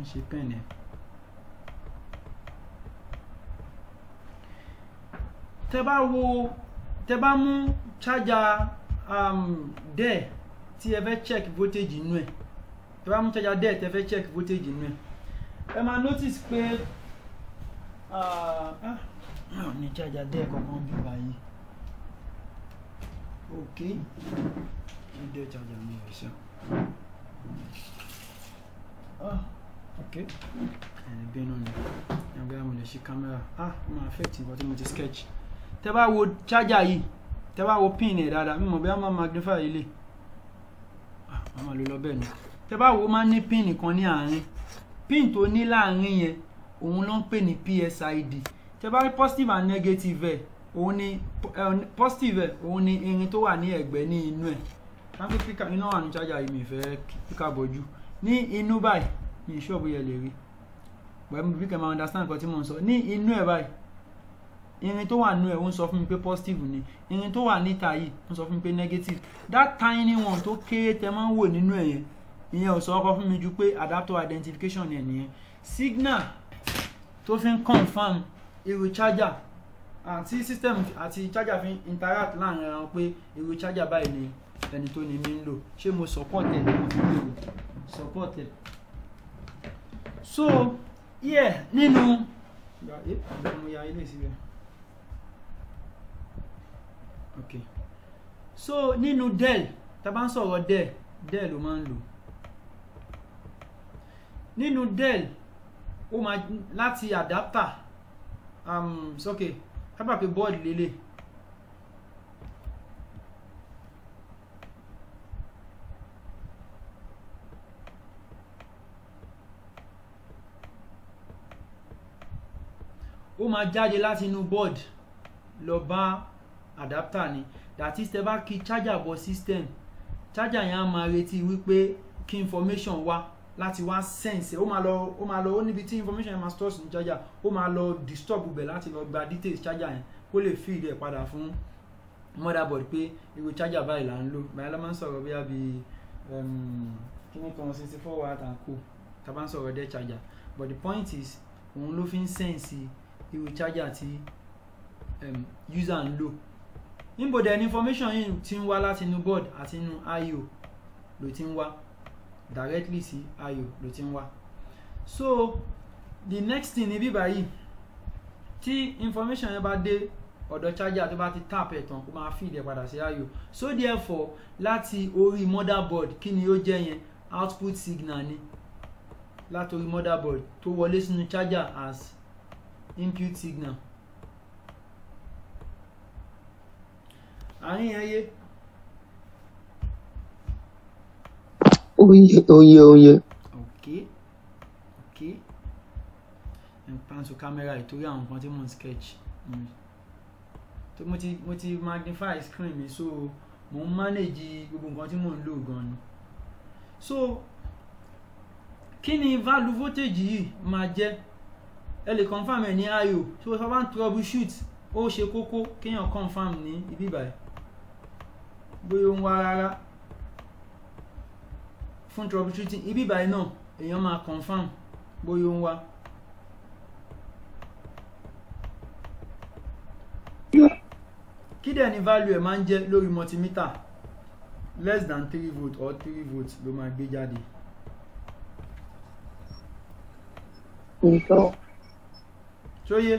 ń ṣe pẹ́ẹ́nì ẹ̀. tẹ bá wo tẹ mú charger um, dell tí ẹ fẹ́ check voltage inú ẹ̀ tẹ bá mú charger dell tẹ fẹ́ check voltage inú ẹ̀ ẹ máa notice pé mi uh, ò ah, ah, ní charger dell kankan bí báyìí ok ní dell charger mi ò ṣe ah, ok ẹ̀ bẹ́ẹ̀ náà ni ẹgbẹ́ amúlẹ̀ ṣe kámẹ́rà ah ó máa affect nǹkan tí mo ti sketch tẹ́ bá wo charger yìí tẹ́ bá wo pin ẹ̀ dáadáa mímọ̀ bí wọ́n máa magnify ilé wọ́n ah, máa lò lọ bẹ́ẹ̀ ni tẹ́ bá wo máa ní pin kan ní àárín pin tó ní láàárín yẹn òun ló ń pè ní PSID tẹ́ bá rí positive and negative ẹ̀ òun ni positive ẹ̀ òun ni irin tó wà ní ẹ̀gbẹ́ ní inú ẹ̀ káfí píkà iná wà ní charger yìí mi fẹ́ píkà bọ́jú ní inú báyìí ní ìṣọ́ọ̀bù yẹn lè rí pẹ̀lú bí kẹ́ máa understand nǹkan tí mò ń sọ ní inú ẹ̀ báyìí irin tó wà nínú ẹ̀ ń sọ fún mi pé positive ni irin tó wà níta yìí ń sọ fún mi pé negative that tiny one tó kéré tẹ máa ń wò nínú ẹ̀ yẹn ìyẹn ò sọ ọkọ fún mi ju pé adapter identification ẹ̀ nìyẹn signal tó fi ń confirm irú charger àti system àti charger fi ń interact láàrin ara wọn pé irú charger báyìí ni ẹni tó ni mi ń lò ṣé mo support ẹ̀ mo fi lò support ẹ̀ so yeah nínú. Yeah, yep, okay so nínú del tá a bá ń sọ̀rọ̀ del del ló máa ń lò nínú del ó máa láti adapter um, sókè kábà pé board lélẹ̀ ó máa jáde láti inú board lọ bá adapter ni that is tẹ́ bá ki charger bo system charger yẹn á máa retí wípé information wa láti wá sense o máa lọ ó máa lọ ó níbi tí information yẹn máa ni charger o máa lọ disturb bẹ̀ lati lọ gba details charger yẹn kó lè feed ẹ̀ padà fún motherboard pe irú charger báyìí là ń lò báyìí ló máa bi sọ̀rọ̀ bí i kí ni watt and cool tá a bá ń charger but the point is òun ló fi ń sense irú charger tí um, user ń lò níbo dẹ̀ ni information yìí ti ń wá láti inú board àti inú io ló ti ń wá directly sí io ló ti ń wá so the next thing ni bíbá yìí tí information yẹn bá dé ọ̀dọ̀ charger tó bá ti tap ẹ̀ tán kó máa feed ẹ̀ padà sí io so therefore láti orí motherboard kí ni ó jẹ́ yẹn output signal ni látòrí motherboard tó wọlé sínú charger as input signal àárín ayé. Oye, oye, oye. Ok, ok. Ẹ pan to camera ìtorí àwọn nǹkan tí mò ń sketch. Mm. Mo ti mo ti magnify screen mi so mo ń manage gbogbo nǹkan tí mò ń lò gan ni. So kí ni value voltage yìí máa jẹ́? Ẹ lè confirm ẹ̀ ní IO. So if I wan troubleshoot, ó ṣe kókó kéèyàn confirm ní ibi báyìí bóyá ó ń wá rárá fún troubleshooting ibi ìbáyìí náà èèyàn máa confirm bóyá ó ń wá. kí dẹ̀ ni value ẹ̀ máa ń jẹ́ lórí multimeter less than three volts or three volt ló máa gbé jáde. ṣóyè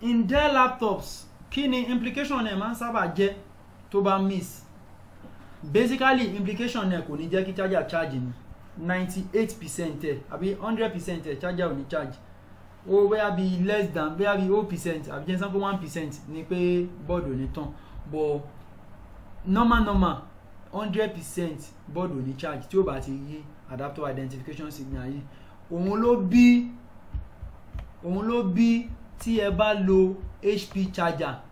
in Dell laptops kí ni implication ẹ̀ máa ń sábà jẹ́ tó bá miss basically implication ẹ̀ kò ní jẹ́ kí charger charge ni ninety eight percent ẹ̀ àbí hundred percent ẹ̀ charger ò ní charge ó bóyá bíi less than bóyá bíi zero percent àbí jẹ́ sanko one percent ni pé bọ́ọ̀dù ò ní tàn but normal normal hundred percent bọ́ọ̀dù ò ní charge tí ó bá ti yí adapter identification signal yìí òun ló bí òun ló bí tí ẹ bá lo HP charger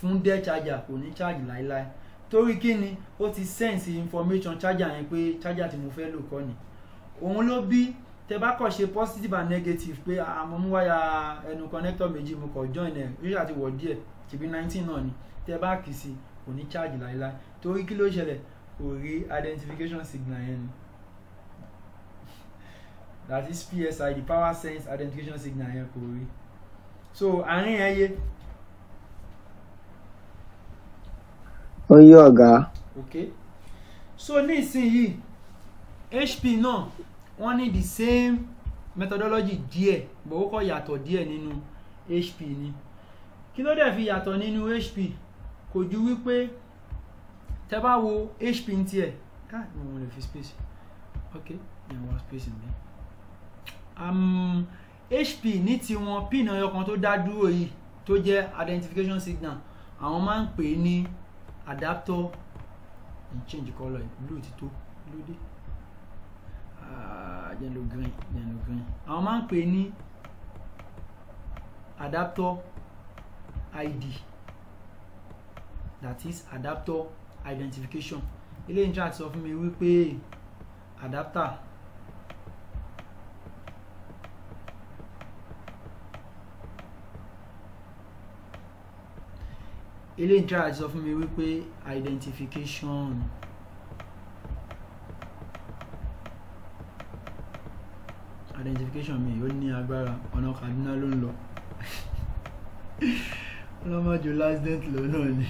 fún dell charger kò ní charge láíláí torí kí ni ó ti sense information charger yẹn pé charger tí mo fẹ́ lò kọ́ ni òun ló bí tẹ bá kàn ṣe positive and negative pé àmọ́ mú wáyà ẹnu connector méjì mo kàn join ẹ̀ yóò ṣàti wọ̀ díẹ̀ tìbí nineteen náà ni tẹ bá kì í sí kò ní charge láíláí torí kí ló ṣẹlẹ̀ kò rí identification signal yẹn ni that is PSI the power sense identification signal yẹn kò rí so àárín ẹyẹ ó ń okay so ní ìsinyìí hp náà wọ́n ní the same methodology díẹ̀ bó kọ́ yàtọ̀ díẹ̀ nínú hp ni kí ló dẹ̀ fi yàtọ̀ nínú hp kò ju wípé tẹ́ bá wo hp ń tiẹ̀ ah wọn lè fi space okay yẹn wọ́n space mi um, hp ní tiwọn pin ọyọkan tó dá dúró yìí tó jẹ́ identification signal àwọn máa ń pè é ní adapter and change colour yìí blue to blue dé yẹn ah, lo green yẹn lo green àwọn máa ń pè adapter id that is adapter identification eléyìí tí a ti sọ fún mi wípé adapter eléyìí tí a sọ fún mi wípé identification identification mi ò ní agbára ọ̀nà Kaduna ló ń lọ ọlọ́mọdé last date lọ náà ni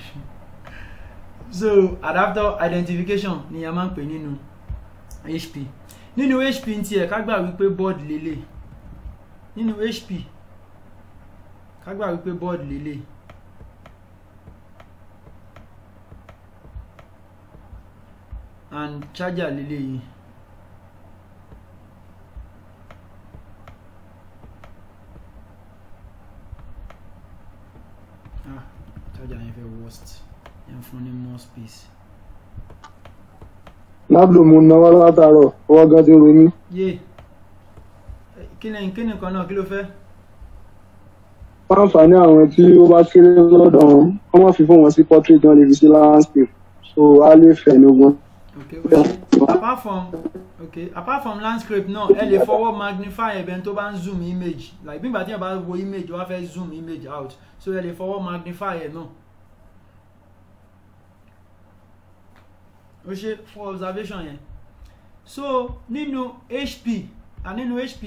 so adapter identification ni a máa ń pè nínú HP nínú HP ń tiẹ̀ ká gbà wípé board lélẹ̀ nínú HP ká gbà wípé board lélẹ̀. and charger lélẹ́yìí. ah charger yẹn fẹ́ worst yẹn fún ní more space. lábùlù mo náwó látàárọ̀ ọwọ́ gan ti ro mí. yé eh, kí ni kí ni kan náà kí ló fẹ́ fáǹfààní àwọn tí ó bá kéré lọ́dọ̀ wọn wọ́n fi fún wọn sí portrait wọn lè fi sí landscape so a lè fẹ̀ ní ogun ok okay apart from okay apart from landscape náà ẹ lè fọwọ́ magnify ẹ̀bẹ̀ tó bá zoom image like bí ìgbà tí ẹ image, wo image wá zoom image out so ẹ lè fọwọ́ magnify ẹ̀ náà. o observation yẹn so nínú hp à nínú hp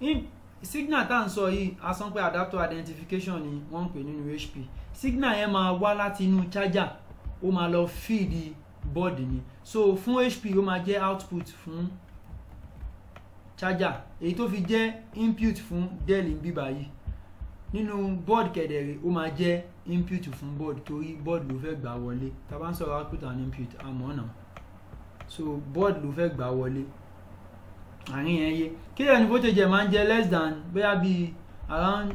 In signal tan à ń sọ yìí a adapter identification ni wọ́n ń pè nínú hp signal yẹn máa wá láti inú charger ó máa lọ fíìdì board ni so fún HP ó máa jẹ́ output fún charger èyí tó fi jẹ́ input fún Dell ń bíbá yìí nínú board kẹ̀dẹ̀rẹ̀ ó máa jẹ́ input fún board torí board ló fẹ́ gbà wọlé tá a bá ń sọ̀rọ̀ output and input àmọ́ náà so board ló fẹ́ gbà wọlé àárín yẹn yé kílẹ̀ ní voltage ẹ̀ máa ń jẹ́ less than bóyá bíi around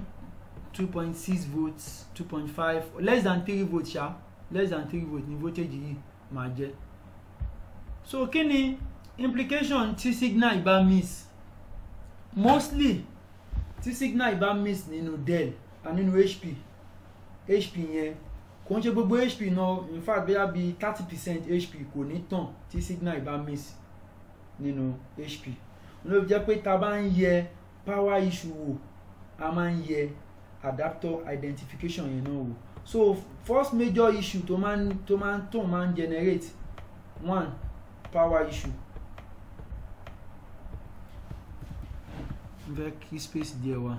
two point six volts two point five less than three volts ṣá less than three volts ní voltage yìí máa jẹ́ so kí ni implication ti signal ìbá miss mostly ti signal ìbá miss nínú Dell and nínú HP HP yẹn kò ń ṣe gbogbo HP náà in fact bí i thirty percent HP kò ní tàn tí signal ìbá miss nínú HP ló fi jẹ́ pé ta bá ń yẹ power issue wò a máa ń yẹ adapter identification yẹn náà wò so first major issue to man to man to man generate one power issue fẹ́ kí space díẹ̀ wà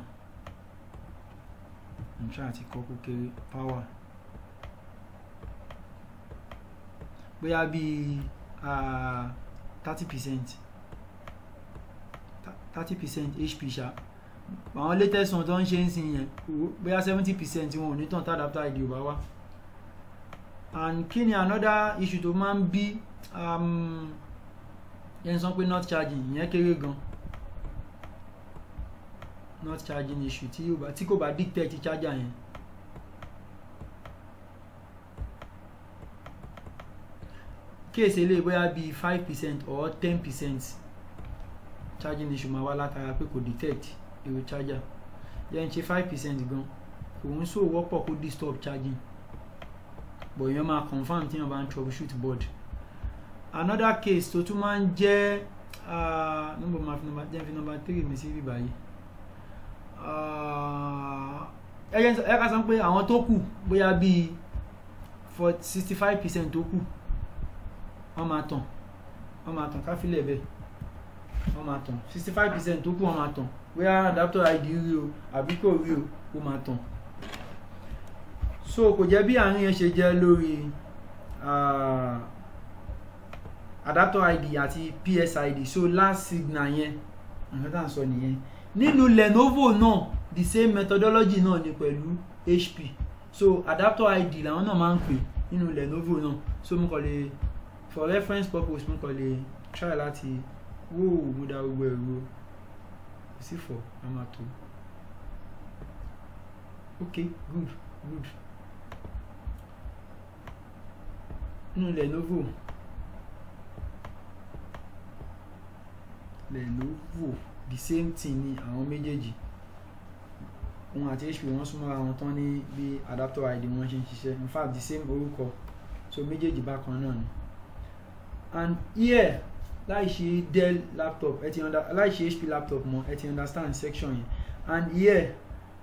I'm trying to kọ́kọ́ kéré power be bíi thirty percent thirty percent hp ṣáà àwọn latest one tó ń ṣe ń sin yẹn bóyá seventy percent wọn ò ní tàn tá adapter ID ò wá and kí ni another issue tó máa ń bí yẹn sọ pé not charging ìyẹn kéré gan not charging issue tí kò bá dictate ti charger yẹn. kéèsì eléyìí bóyá bíi five percent or ten percent charging issue máa wá látara pé kò detect èrò charger yẹn ń ṣe five percent gan kò ń so wọ́pọ̀ kó disturb charging but èèyàn máa confam tí èèyàn bá ń troubleshoot board another case tó tún máa ń jẹ́ ah, níbo máa number jẹ́ fi number three mi sí bíbá yìí ah, ẹ ká sọ pé àwọn tó kù bóyá bíi sixty five percent tó kù wọ́n máa tàn wọ́n máa tàn káfílẹ̀ bẹ́ẹ̀ wọ́n máa tàn sixty five percent tó kù wọ́n máa tàn bóyá adapter id rí o àbí kò rí o ó máa tàn so kò jẹ́ bí àárín yẹn ṣe jẹ́ lórí uh, adapter id àti psid so last signal yẹn nǹkan tá à ń sọ nìyẹn nínú lenovo náà the same methodology náà ni pẹ̀lú hp so adapter id làwọn náà máa ń pè nínú lenovo náà so mo kàn lè for reference purpose mo kàn lè try láti wóò mo dá gbogbo ẹ̀rọ kò sí fọ a máa tó ok good good nínú Lenovo Lenovo the same thing ni àwọn méjèèjì òun àti HP wọ́n súnmọ́ ara wọn tán ní bí adapter ID wọ́n ṣe ń ṣiṣẹ́ in fact the same orúkọ so méjèèjì bákan náà ni and here láì ṣe Dell laptop ẹ ti under láì ṣe HP laptop mọ ẹ ti understand section yẹn and here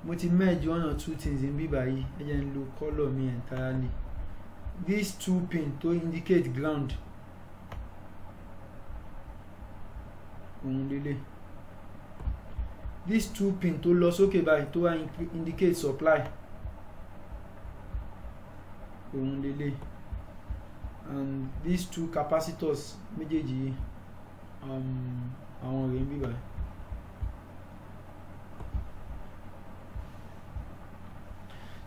mo ti merge one or two things in bíbá yìí ẹ jẹ́ n lo colour mi entirely these two pin to indicate ground òun lélẹ̀ these two pin to lọ sókè báyìí tó indicate supply òun lélẹ̀ and these two capacitors méjèèjì yìí Um, àwọn rèé ń bíbáyìí.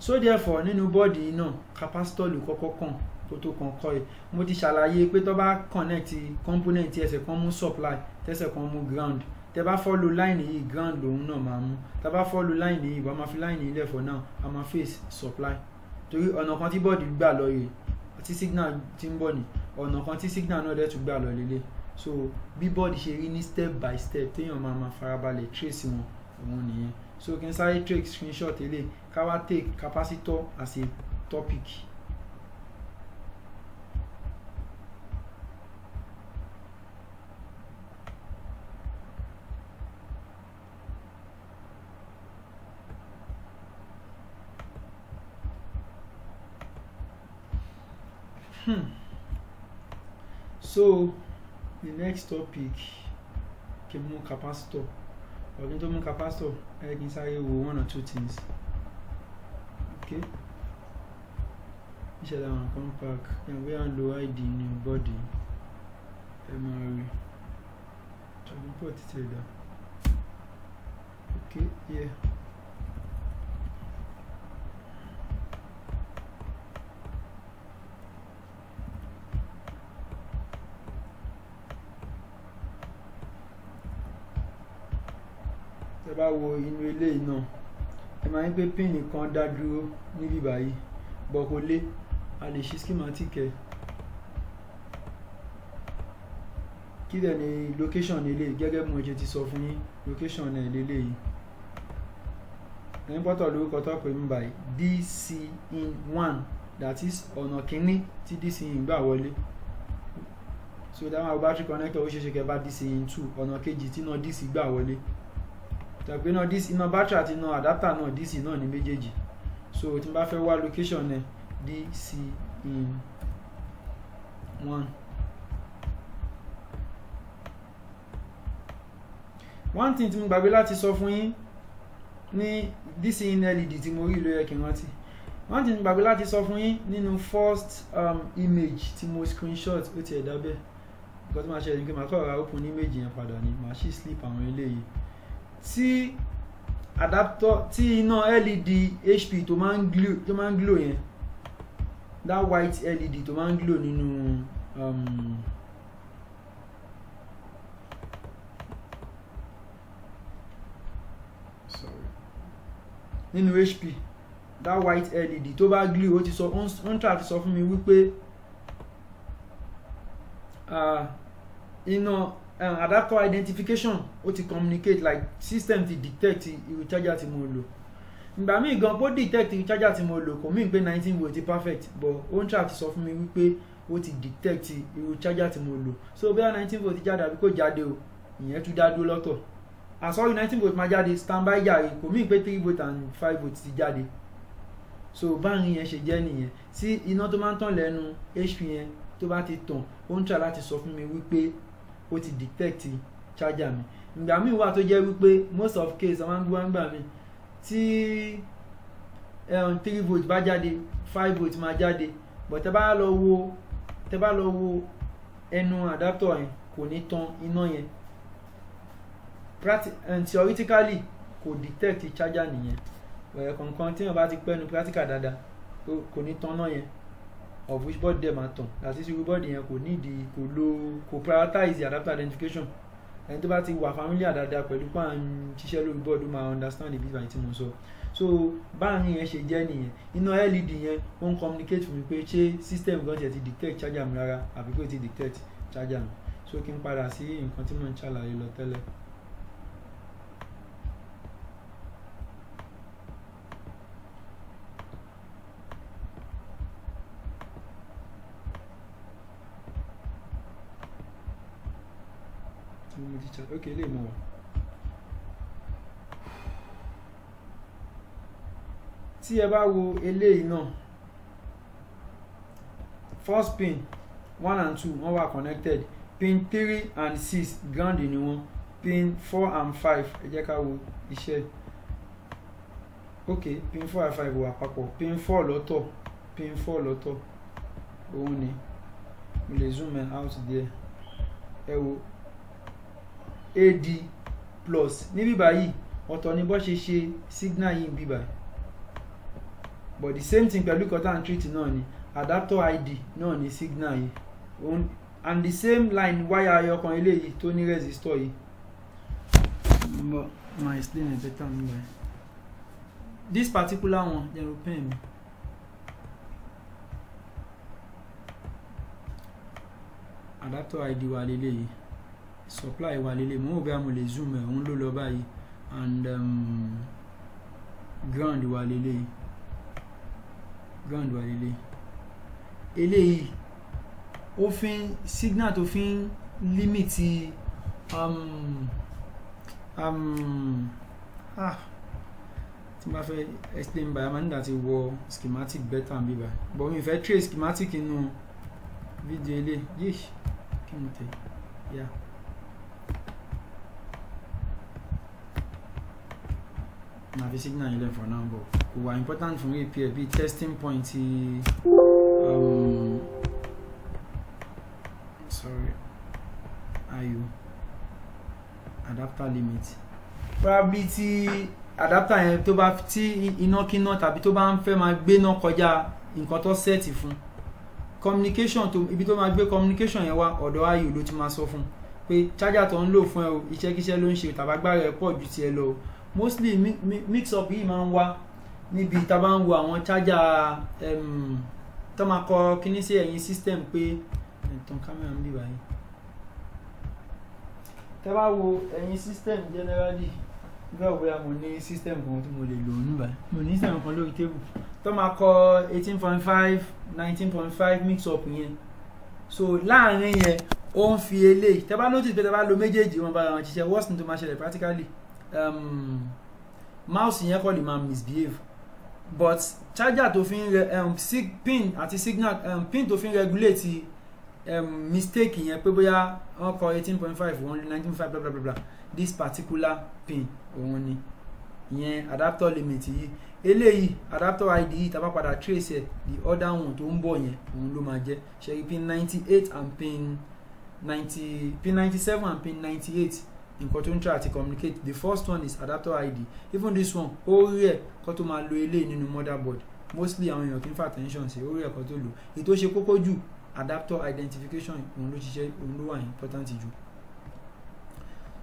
so therefore nínú bọ́ọ̀dì iná capacitọ́ọ̀lù kọ́kọ́ kàn kó tó kàn coil mo ti ṣàlàyé pé tó bá connect component ẹsẹ̀ kan mú supply tẹ́sẹ̀ kan mú ground tẹ bá fọ́ọ̀lù line yìí ground lòun náà máa mú tá bá fọ́ọ̀lù line yìí wàá máa fi line yìí lẹ̀ for now a máa face supply torí ọ̀nà kan tí bọ́ọ̀dì gbà lọ rèé tí signal ti ń bọ̀ ni ọ̀nà kan tí signal náà dẹ̀ tún gbà lọ lélẹ̀ so bí bọ́ọ̀dì ṣe rí ní step by step téèyàn máa máa farabalẹ̀ trace wọn òun nìyẹn so kí n sáré take screenshot eléyìí ká wá take capacitor as a topic. Hmm. so the next topic kí n mú capacitor ọ̀gbìn tó mú capacitor ẹ kí n sáré wo one or two things okay ìṣẹ̀lẹ̀ àwọn kan park ẹ̀ bóyá ń lo id ní bọ́ọ̀dì ẹ máa pọ̀ títí ẹ̀dá okay yeah. bá wo inú eléyìí náà ẹ máa ń gbé pin kan dá dúró níbí báyìí bọ̀ kò lé a lè ṣí schematic ẹ̀ kí dẹ̀ ni location eléyìí gẹ́gẹ́ bí mo ṣe ti sọ fún yín location ẹ̀ lélẹ́yìí ẹ̀yin bọ́tọ̀ lórúkọ tó pè mí báyìí dc in one that is ọ̀nà kínní tí dc in gbà wọlé so dáhùn àwọn battery connector ó ṣeéṣe kẹ́ bá dc in two ọ̀nà kejì tí náà dc gbà wọlé tàbí iná dc iná battery àti iná adapter náà dc náà ní méjèèjì so tí n bá fẹ́ wá location náà dc in one. one thing tí mo gbàgbé láti sọ fún yín ní dc in led tí mo rí ló yẹ rántí one thing tí mo gbàgbé láti sọ fún yín nínú first um, image tí mo screenshot ó ti ẹ̀ dábẹ́ Because tó máa ṣe ẹ̀yìn pé kọ́ ọ̀rá open image yẹn padà ni màá sì slip àwọn eléyìí tí adapter tí iná led hp tó máa ń glow tó máa ń glow yẹn that white led tó máa ń glow nínú um, sorry nínú hp that white led tó bá glow ó ti sọ ó ń tà ti sọ fún mi wípé uh, iná. know um, eh, adapter identification ó ti communicate like system ti detect irú charger tí mo lò ìgbà míì gan pé ó detect irú charger tí mo lò kò mí pé nineteen volt ti perfect but ó ń try ti sọ fún mi wípé ó ti detect irú charger tí mo lò so bóyá nineteen volt ti jáde àbí kò jáde o ìyẹn tún dá dúró lọ́tọ̀ àsọ̀rí nineteen volt máa jáde standby jàre kò mí pé three volt and five volt ti jáde so báyìí yẹn ṣe jẹ́ nìyẹn tí iná tó máa ń tàn lẹ́nu hp yẹn tó bá ti tàn ó ń tà láti sọ fún mi wípé ó ti detect charger mi ìgbà míì wà tó jẹ́ wípé most of case àwọn agbó àgbà mi tí eh, three volt bá jáde five volt máa jáde but tẹ́ bá lọ wo tẹ́ bá lọ wo ẹnu adapter yẹn kò ní tan iná yẹn eh, theoretically kò detect charger nìyẹn ẹ̀ẹ̀kọ̀ọ̀kan tí wọ́n bá ti pẹ́nu practical dáadáa kò ní tan náà yẹn of which body dem are tàn that is irú body yẹn kò need kò lo kò prioritize adaptive identification ẹni tó bá ti wà familiar dáadáa pẹ̀lú pa à ń ṣiṣẹ́ lórí bọ́ọ̀dù máa understand the ìbàyẹn tí mo sọ so báàrin yẹn ṣe jẹ́ nìyẹn iná led yẹn ó ń communicate fún mi pé ṣé system gan tiẹ̀ ti dictate charger mi rárá àbí kò ti dictate charger mi so kí n padà sí nǹkan tí mo ń ṣàlàyé lọ tẹ́lẹ̀. tí mo ti chat ok lè mọ̀ wá. tí ẹ bá wo eléyìí náà first pin one and two wọ́n wà connected pin three and six ground ni wọ́n pin four and five ẹ jẹ́ ká wo iṣẹ́ ok pin four and five wà papọ̀ pin four lọ́tọ̀ pin four lọ́tọ̀ òun ni mo zoom in out there ẹ wo ad plus ní bíbá yìí ọ̀tọ̀ ni bó ṣe ṣe signal yìí bíbá but the same thing pẹ̀lú cut and treat náà ni adapter id náà ni signal yìí and the same line wire ayọkan eléyìí tó ní resistor yìí. but my explain it better nígbà yẹn this particular one dem go me. adapter id wa lélẹ́yìí supply wà lélẹ̀ mo ò bá mo le zoom ẹ̀ e, òun ló lọ báyìí and um, ground wà lélẹ̀ ground wà lélẹ̀ eléyìí ó fi ń signal tó fi limit um, um, ah tí n bá fẹ́ explain by that he wọ schematic better n bíbá but mi fẹ́ trace schematic inú fídíò eléyìí kí n tẹ̀ yá. Yeah. na visit na yẹn lẹ for now but kò wà important fún repair bíi testing point ti um, sorry ayo adapter limit probably ti adapter yẹn tó bá ti inákiná tàbí tó bá ń fẹ́ máa gbéná kọjá nǹkan tó sẹ́ẹ̀tì fún communication to ibi tó máa gbé communication yẹn wá ọ̀dọ̀ ayò ló ti máa sọ fún pé charger tó ń lò fún ẹ o iṣẹ́kíṣẹ́ ló ń ṣe tàbágbá rẹ̀ pọ̀ ju tiẹ̀ lọ mostly mix up yìí máa ń wá níbi tá a ń wo àwọn charger tó máa kọ kíní sí ẹ̀yìn system pé ẹ̀tàn kámẹ́rà ń bì báyìí tẹ́ bá wo ẹ̀yìn system generally gbọ́ bóyá mo ní system kan tí mo lè lò ó níbàá mo ní system kan lórí table tó máa kọ eighteen point five nineteen point five mix up yẹn so láàrin yẹn ó ń fi eléyìí tẹ́ bá notice pé tẹ́ bá lo méjèèjì wọn bá ara wọn ṣiṣẹ́ worst ni tó máa ṣẹlẹ̀ practically Um, mouse yẹn kọ́ lè máa misbehave but charger tó fi ń re um, sig, pin àti signal um, pin tó fi ń regulate um, mistake yẹn pé bóyá wọ́n kọ eighteen point five one rí nineteen point five blah blah blah this particular pin òun ni ìyẹn adapter limit yìí eléyìí adapter id yìí tá bá padà trace ẹ̀ the other one tó ń bọ̀ yẹn òun ló máa jẹ́ ṣẹ́yí pin ninety eight and pin ninety pin ninety seven and pin ninety eight nǹkan tó ń try communicate the first one is adapter id even this one ó rí ẹ̀ kó tó máa lo eléyìí nínú motherboard mostly àwọn èèyàn kì í fa attention sí ó rí ẹ̀ kó tó lò ètò ṣe kókó jù adapter identification òun ló ṣiṣẹ́ òun ló wà important jù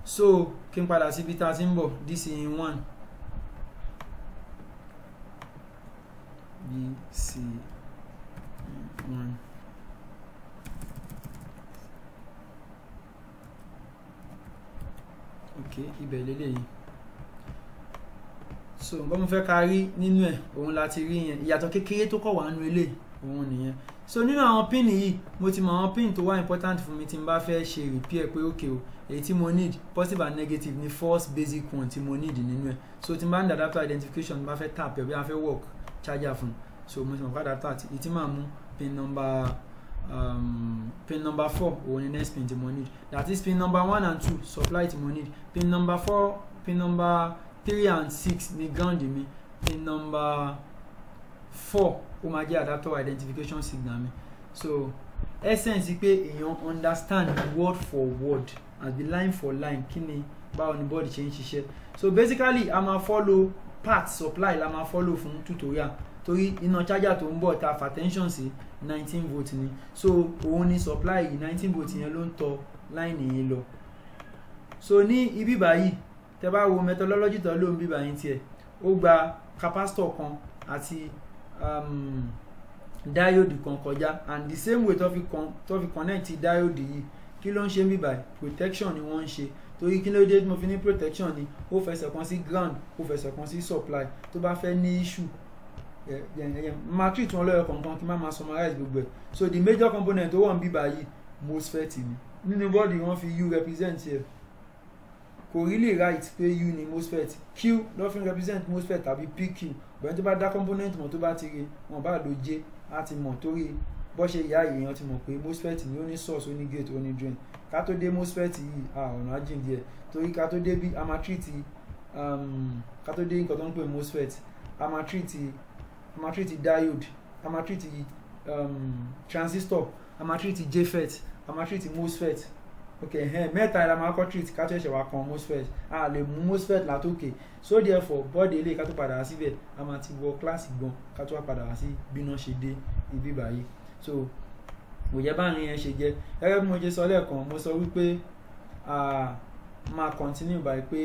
so kí n padà síbi tá a ti ń bọ̀ dcin one dcin one. ok ibẹ̀ lélẹ́yìí so nǹkan mo fẹ́ ká rí nínú ẹ̀ òun la ti rí yẹn ìyàtọ̀ kékeré tó kọ̀ wá nínú ilé òun nìyẹn so nínú àwọn pin yìí mo ti mọ àwọn pin tó wá important fún mi tí n bá fẹ́ ṣe repair pé ok o èyí tí mo need positive and negative ni first basic one tí mo need nínú ẹ̀ so tí n bá ń da adapter identification bá fẹ́ tap ẹ̀ bí a fẹ́ work charger fún so mo ti mọ̀ fún adapter èyí tí màá mú pin number um, pin number four òun ni next pin tí mo need that is pin number one and two supply tí mo need pin number four pin number three and six ni ground mi pin number four ó máa jẹ́ adapter identification signal mi so essence pé èèyàn understand word for word àbí line for line Kini ni báwo ni bọ́ọ̀dì change ń so basically a máa follow part supply la máa follow fún tutorial torí iná chájà tó ń bọ̀ ta fattension sí nineteen volt ni so òun ni supply yìí nineteen volt yẹn ló ń tọ láìní yìí lọ so ní ibi báyìí tẹ bá wo methodology tó ló ń bíbá yín tiẹ̀ ó gba capacitor kan àti um, diode kan kọjá and the same way tó fi, con tó fi connect diode yìí kí ló ń ṣe bíbá protection ni wọ́n ń ṣe torí kí ló dé mo fi ní protection ni ó fẹsẹ̀ kan sí ground ó fẹsẹ̀ kan sí supply tó bá fẹ́ ní issue máa treat wọn lọ́yọ̀ kọ̀ọ̀kan kí n má máa summarize gbogbo ẹ̀ so the major component tó wà ń bí báyìí MOSFET ni nínú bọ́ọ̀dì wọ́n fi U represent ẹ̀ kò really right pé U ni MOSFET Q ló represent MOSFET tàbí PQ bẹ́ẹ̀ tó bá dá component mọ̀ tó bá ti rí wọn bá lo J á ti mọ̀ torí bó ṣe ìyá èèyàn ti mọ̀ pé MOSFET ni ó ní source ó ní gate ó ní drain ká tó dé MOSFET yìí ọ̀nà á jìn díẹ̀ torí ká tó dé bí a máa treat um, ká tó dé nǹkan tó ń pè MOSFET a máa treat a máa treat diode a máa treat um, transistor a máa treat jfet a máa treat mosfet ok eh, mẹ́ta ẹ̀rọ máa kọ́ treat ká tó ẹ̀ṣẹ̀ wá kan mosfet a lè mú mosfet látòkè so therefore bọ́ọ̀dì eléyìí ká tó padà wá síbẹ̀ a máa ti wọ kíláàsì gan ká tó wá padà wá sí bí ṣe dé ibi báyìí so kò jẹ́ báyìí yẹn ṣe jẹ́ gẹ́gẹ́ bí mo ṣe sọ lẹ́ẹ̀kan mo sọ wípé máa continue by pé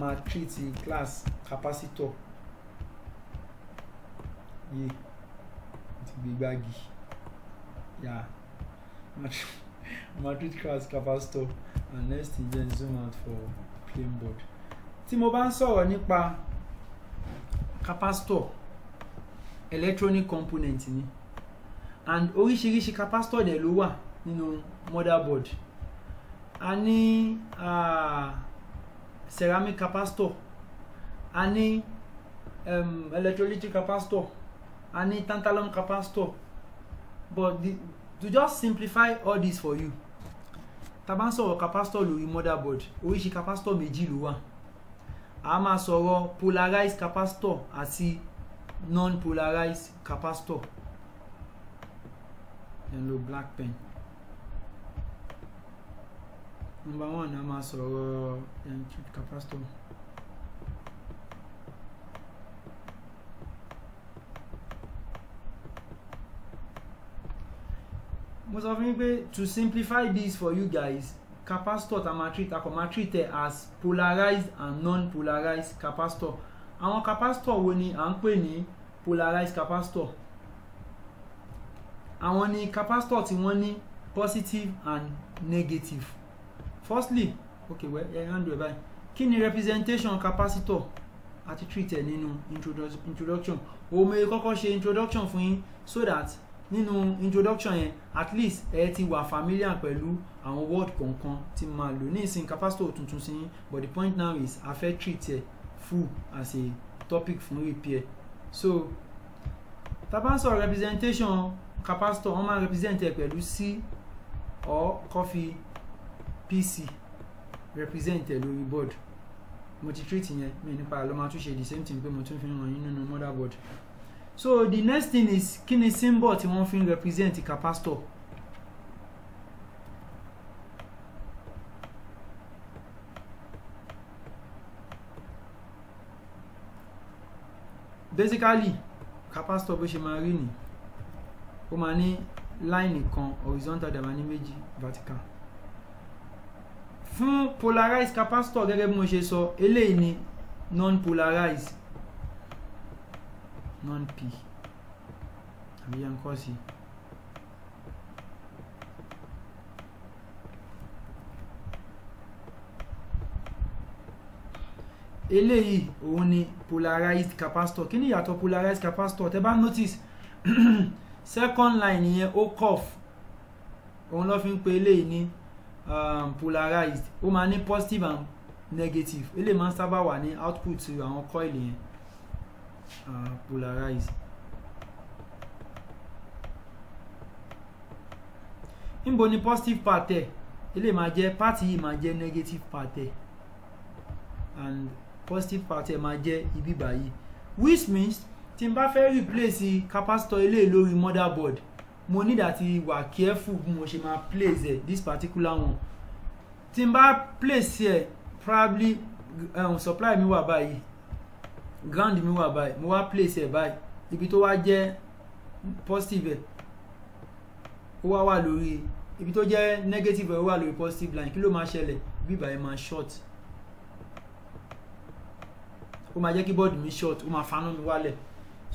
máa treat class capacitor yé ti gbé gbági yà madrid cross capacitor and next thing then zoom out for plain board tí mo bá ń sọ̀rọ̀ nípa capacitor electronic component ni and oríṣiríṣi capacitor dẹ̀ ló wà nínú motherboard a ní uh, ceramic capacitor a ní um, electrolytic capacitor a ní tantalum capacitor but the, to just simplify all this for you tá bá ń sọ̀rọ̀ capacitor lórí motherboard oríṣi capacitor méjì ló wà a máa sọ̀rọ̀ polarized capacitor àti non-polarized capacitor yẹn lo black pen number one a máa sọ̀rọ̀ electric eh, capacitor. mo sọ fún yín to simplify this for you guys capacitor ta ma treat akọ ma treat ẹ as polarized and non-polarized capacitor àwọn capacitor wo ni à ń pè ní polarized capacitor àwọn ni capacitor tí wọ́n ní positive and negative firstly okay well ẹ hàn dùn ẹ báyìí kí ni representation capacitor àti treat ẹ nínú introduction òun mo kọ́kọ́ ṣe introduction fún yín so that nínú introduction yẹn at least ẹ eh, ti wà familiar pẹ̀lú àwọn word kọ̀ọ̀kan tí máa lò ní ìsìn capacitor tuntun sí yín but the point now is a fẹ́ treat ẹ full as a topic fún repair so tá bá ń sọ representation capacitor wọ́n máa represent ẹ pẹ̀lú C or coffee PC represent ẹ lórí board mo ti treat yẹn mi nípa lọ́ọ́ máa the same thing pé mo tún fi hàn yín nínú motherboard so the next thing is kí ni symbol tí wọ́n fi ń represent capacitor basically capacitor bó ṣe máa rí ni ó máa ní line kan horizontal dàbà ní méjì vertical Fun polarized capacitor gẹ́gẹ́ bí mo ṣe sọ eléyìí ni non polarized non p àbí yẹn kọ́ sí eléyìí òun ni polarized capacitor kí ni ìyàtọ̀ polarized capacitor tẹ bá notice second line yẹn ó curve òun ló fi ń pe eléyìí ní um, polarized ó máa ní positive and negative eléyìí máa ń sábà wà ní output àwọn coil yẹn uh, polarize níbo ni positive part ẹ eléyìí máa jẹ part yìí máa jẹ negative part ẹ and positive part ẹ máa jẹ ibi báyìí which means tí n bá replace capacitor eléyìí lórí motherboard mo need àti wà careful bí mo ṣe máa place ẹ this particular one tí n place ẹ probably um, supply mi wà báyìí ground mi wà báyìí mo wá place ẹ̀ báyìí ibi tó wá jẹ́ positive ẹ̀ ó wá wà lórí ibi tó jẹ́ negative ẹ̀ ó wà positive line kilo ló máa ṣẹlẹ̀ bíbá ẹ̀ short ó máa jẹ́ kí mi short ó máa faná mi wálẹ̀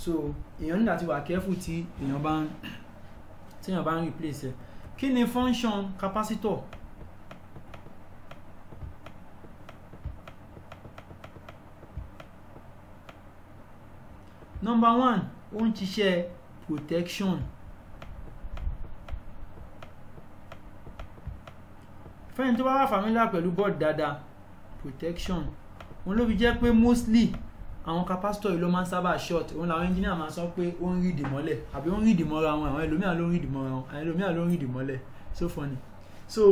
so èèyàn nígbà tí wà careful Ti èèyàn bá ń tí èèyàn bá ń replace ẹ̀ kí function capacitor number one ó ń ṣiṣẹ́ protection fẹ́ni tó bá wà familiar pẹ̀lú board dáadáa protection òun ló fi jẹ́ pé mostly àwọn capacitor yìí ló máa ń sábà short òun làwọn engineer máa sọ pé ó ń rí ìdìmọ́lẹ̀ àbí ó ń rí ìdìmọ́ra wọn àwọn ẹlòmíà ló ń rí ìdìmọ́ra wọn àwọn ẹlòmíà ló ń rí ìdìmọ́lẹ̀ so funny so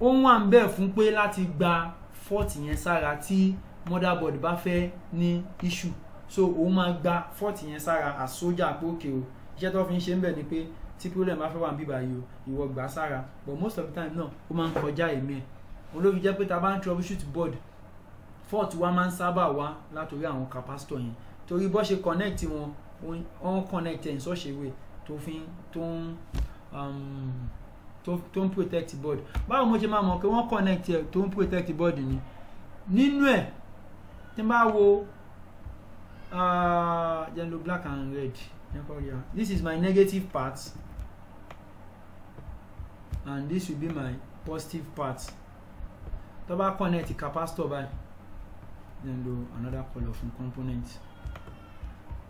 ó ń wà ń bẹ̀ fún pé láti gba fault yẹn sára tí motherboard bá fẹ́ ní issue so òun máa gba fọ́ọ̀tì yẹn sára àsójà pé òkè o iṣẹ́ tó fi ń ṣe ń bẹ̀ ni pé tí problem bá fẹ́ wà níbí báyìí o ìwọ gbà sára but most of the time náà ó máa ń kọjá èmi ẹ̀ òun ló fi jẹ́ pé ta bá ń troubleshoot board fault wa máa ń sábà wá látòrí àwọn capacitor yẹn torí bó ṣe connect wọn wọn connect ẹ̀ ń sọ́ṣèwé tó fi tó ń um, tó ń protect board báwo mo ṣe máa mọ̀ pé wọ́n connect ẹ̀ tó ń protect board ni nínú ẹ̀ tí n bá wo uh, yellow black and red this is my negative part and this will be my positive part tó bá connect capacitor by, then do another color from component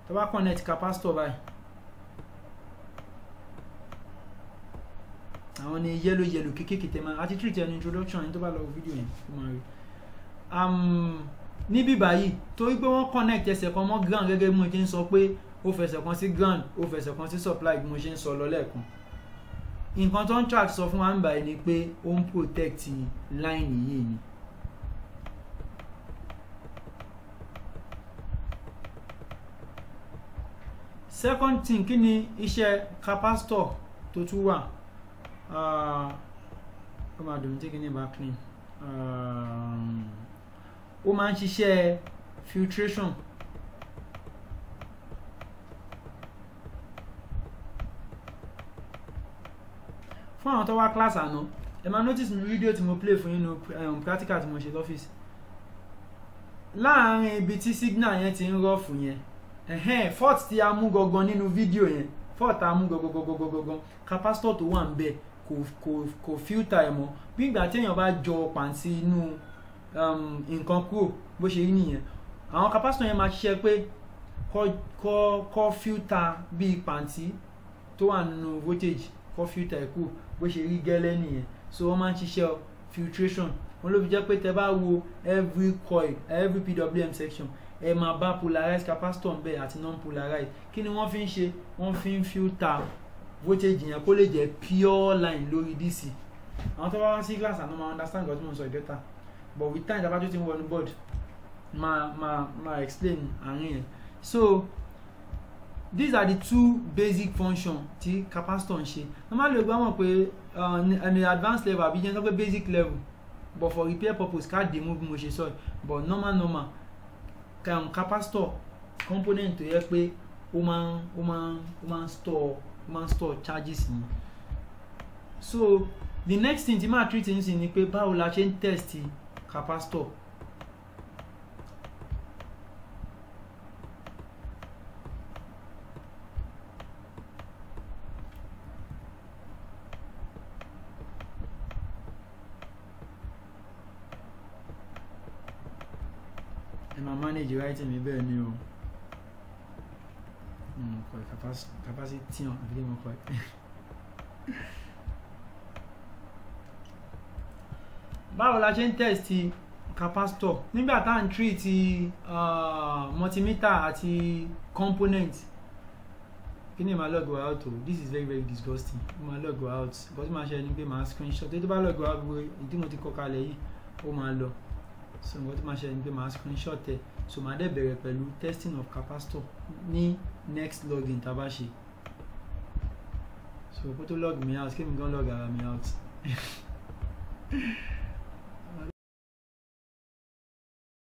tó bá connect capacitor báyìí àwọn ni yellow yellow kékèké tẹ máa àti treat ẹni introduction ẹni tó bá lọ fídíò yẹn kó máa rí. Um, níbí báyìí torí pé wọ́n connect ẹsẹ̀ kan mọ́ ground gẹ́gẹ́ bí mo ṣe ń sọ pé ó fẹsẹ̀ kan sí ground ó fẹsẹ̀ kan sí supply bí mo ṣe ń sọ lọ lẹ́ẹ̀kan nǹkan tó ń track sọ fún wa ń báyìí ni pé ó ń protect line yìí ni. second thing kí ni iṣẹ́ capacitor tó tún wà ah, ó máa dùn mí tí kí ni bá clean. Ah, um, ó máa ń ṣiṣẹ́ filtration fún àwọn tó wá class àná ẹ máa notice nínú fídíò tí mo play fún yín nínú um, practical tí mo ṣe lọ́fíìsì láàárín ibi tí signal yẹn ti ń rọ́ọ̀fù yẹn ẹ̀hẹ́n fort tí a mú gangan nínú fídíò yẹn fort a mú gangan capacitor tó wà ń bẹ̀ kò kò kò filter ẹ̀ mọ́ bí ìgbà téèyàn bá jọ pàǹtí inú. No Um, nǹkan kúrò bó ṣe rí nìyẹn àwọn capacitor yẹn máa ṣiṣẹ́ pé kọ́ kọ́ fíúta bíi pàǹtí tó wà nínú voltage kọ́ fíúta ẹ̀ kúrò bó ṣe rí gẹ́lẹ́ nìyẹn so wọ́n máa ń ṣiṣẹ́ filtration wọn ló fi jẹ́ pé tẹ bá wo every coil every PWM section ẹ máa bá polarized capacitor ń bẹ àti non polarized kí ni wọ́n fi ń ṣe wọ́n fi ń filter voltage yẹn kó lè jẹ́ pure line lórí DC àwọn tó bá wá sí class àná máa understand nǹkan tí sọ ìdẹ́ta but with time tàbá tó ti ń wọnú board máa máa máa explain àárín yẹn so these are the two basic functions tí capacitor ń ṣe normally o gbà mọ̀ pé ẹni uh, advanced level àbí jẹ́ sọ pé basic level but for repair purpose ká dé mú bí mo ṣe sọ but normal normal um, capacitor component to yẹ pé ó máa ń ó máa ń store ó máa store charges ni so the next thing tí máa treat yín sí ni pé báwo la ṣe ń test yìí capacitor ẹ máa manage writing mi bẹ́ẹ̀ ni o mo kọ capacity àbí mo kọ ẹ. báwo la ṣe ń test capacitor nígbà tá à ń treat uh, multimeter àti component kí ni màá log out o this is very very disgusting màá log out because màá ṣe ẹni pé màá screenshot tó bá log out gbogbo èyí tí mo ti kọ kalẹ̀ yìí ó máa lọ so nǹkan tó máa ṣe ẹni pé màá screenshot ẹ so màá dẹ̀ bẹ̀rẹ̀ pẹ̀lú testing of capacitor ní next login tá a bá ṣe so kó tó log me out kí mi gan log ara mi out.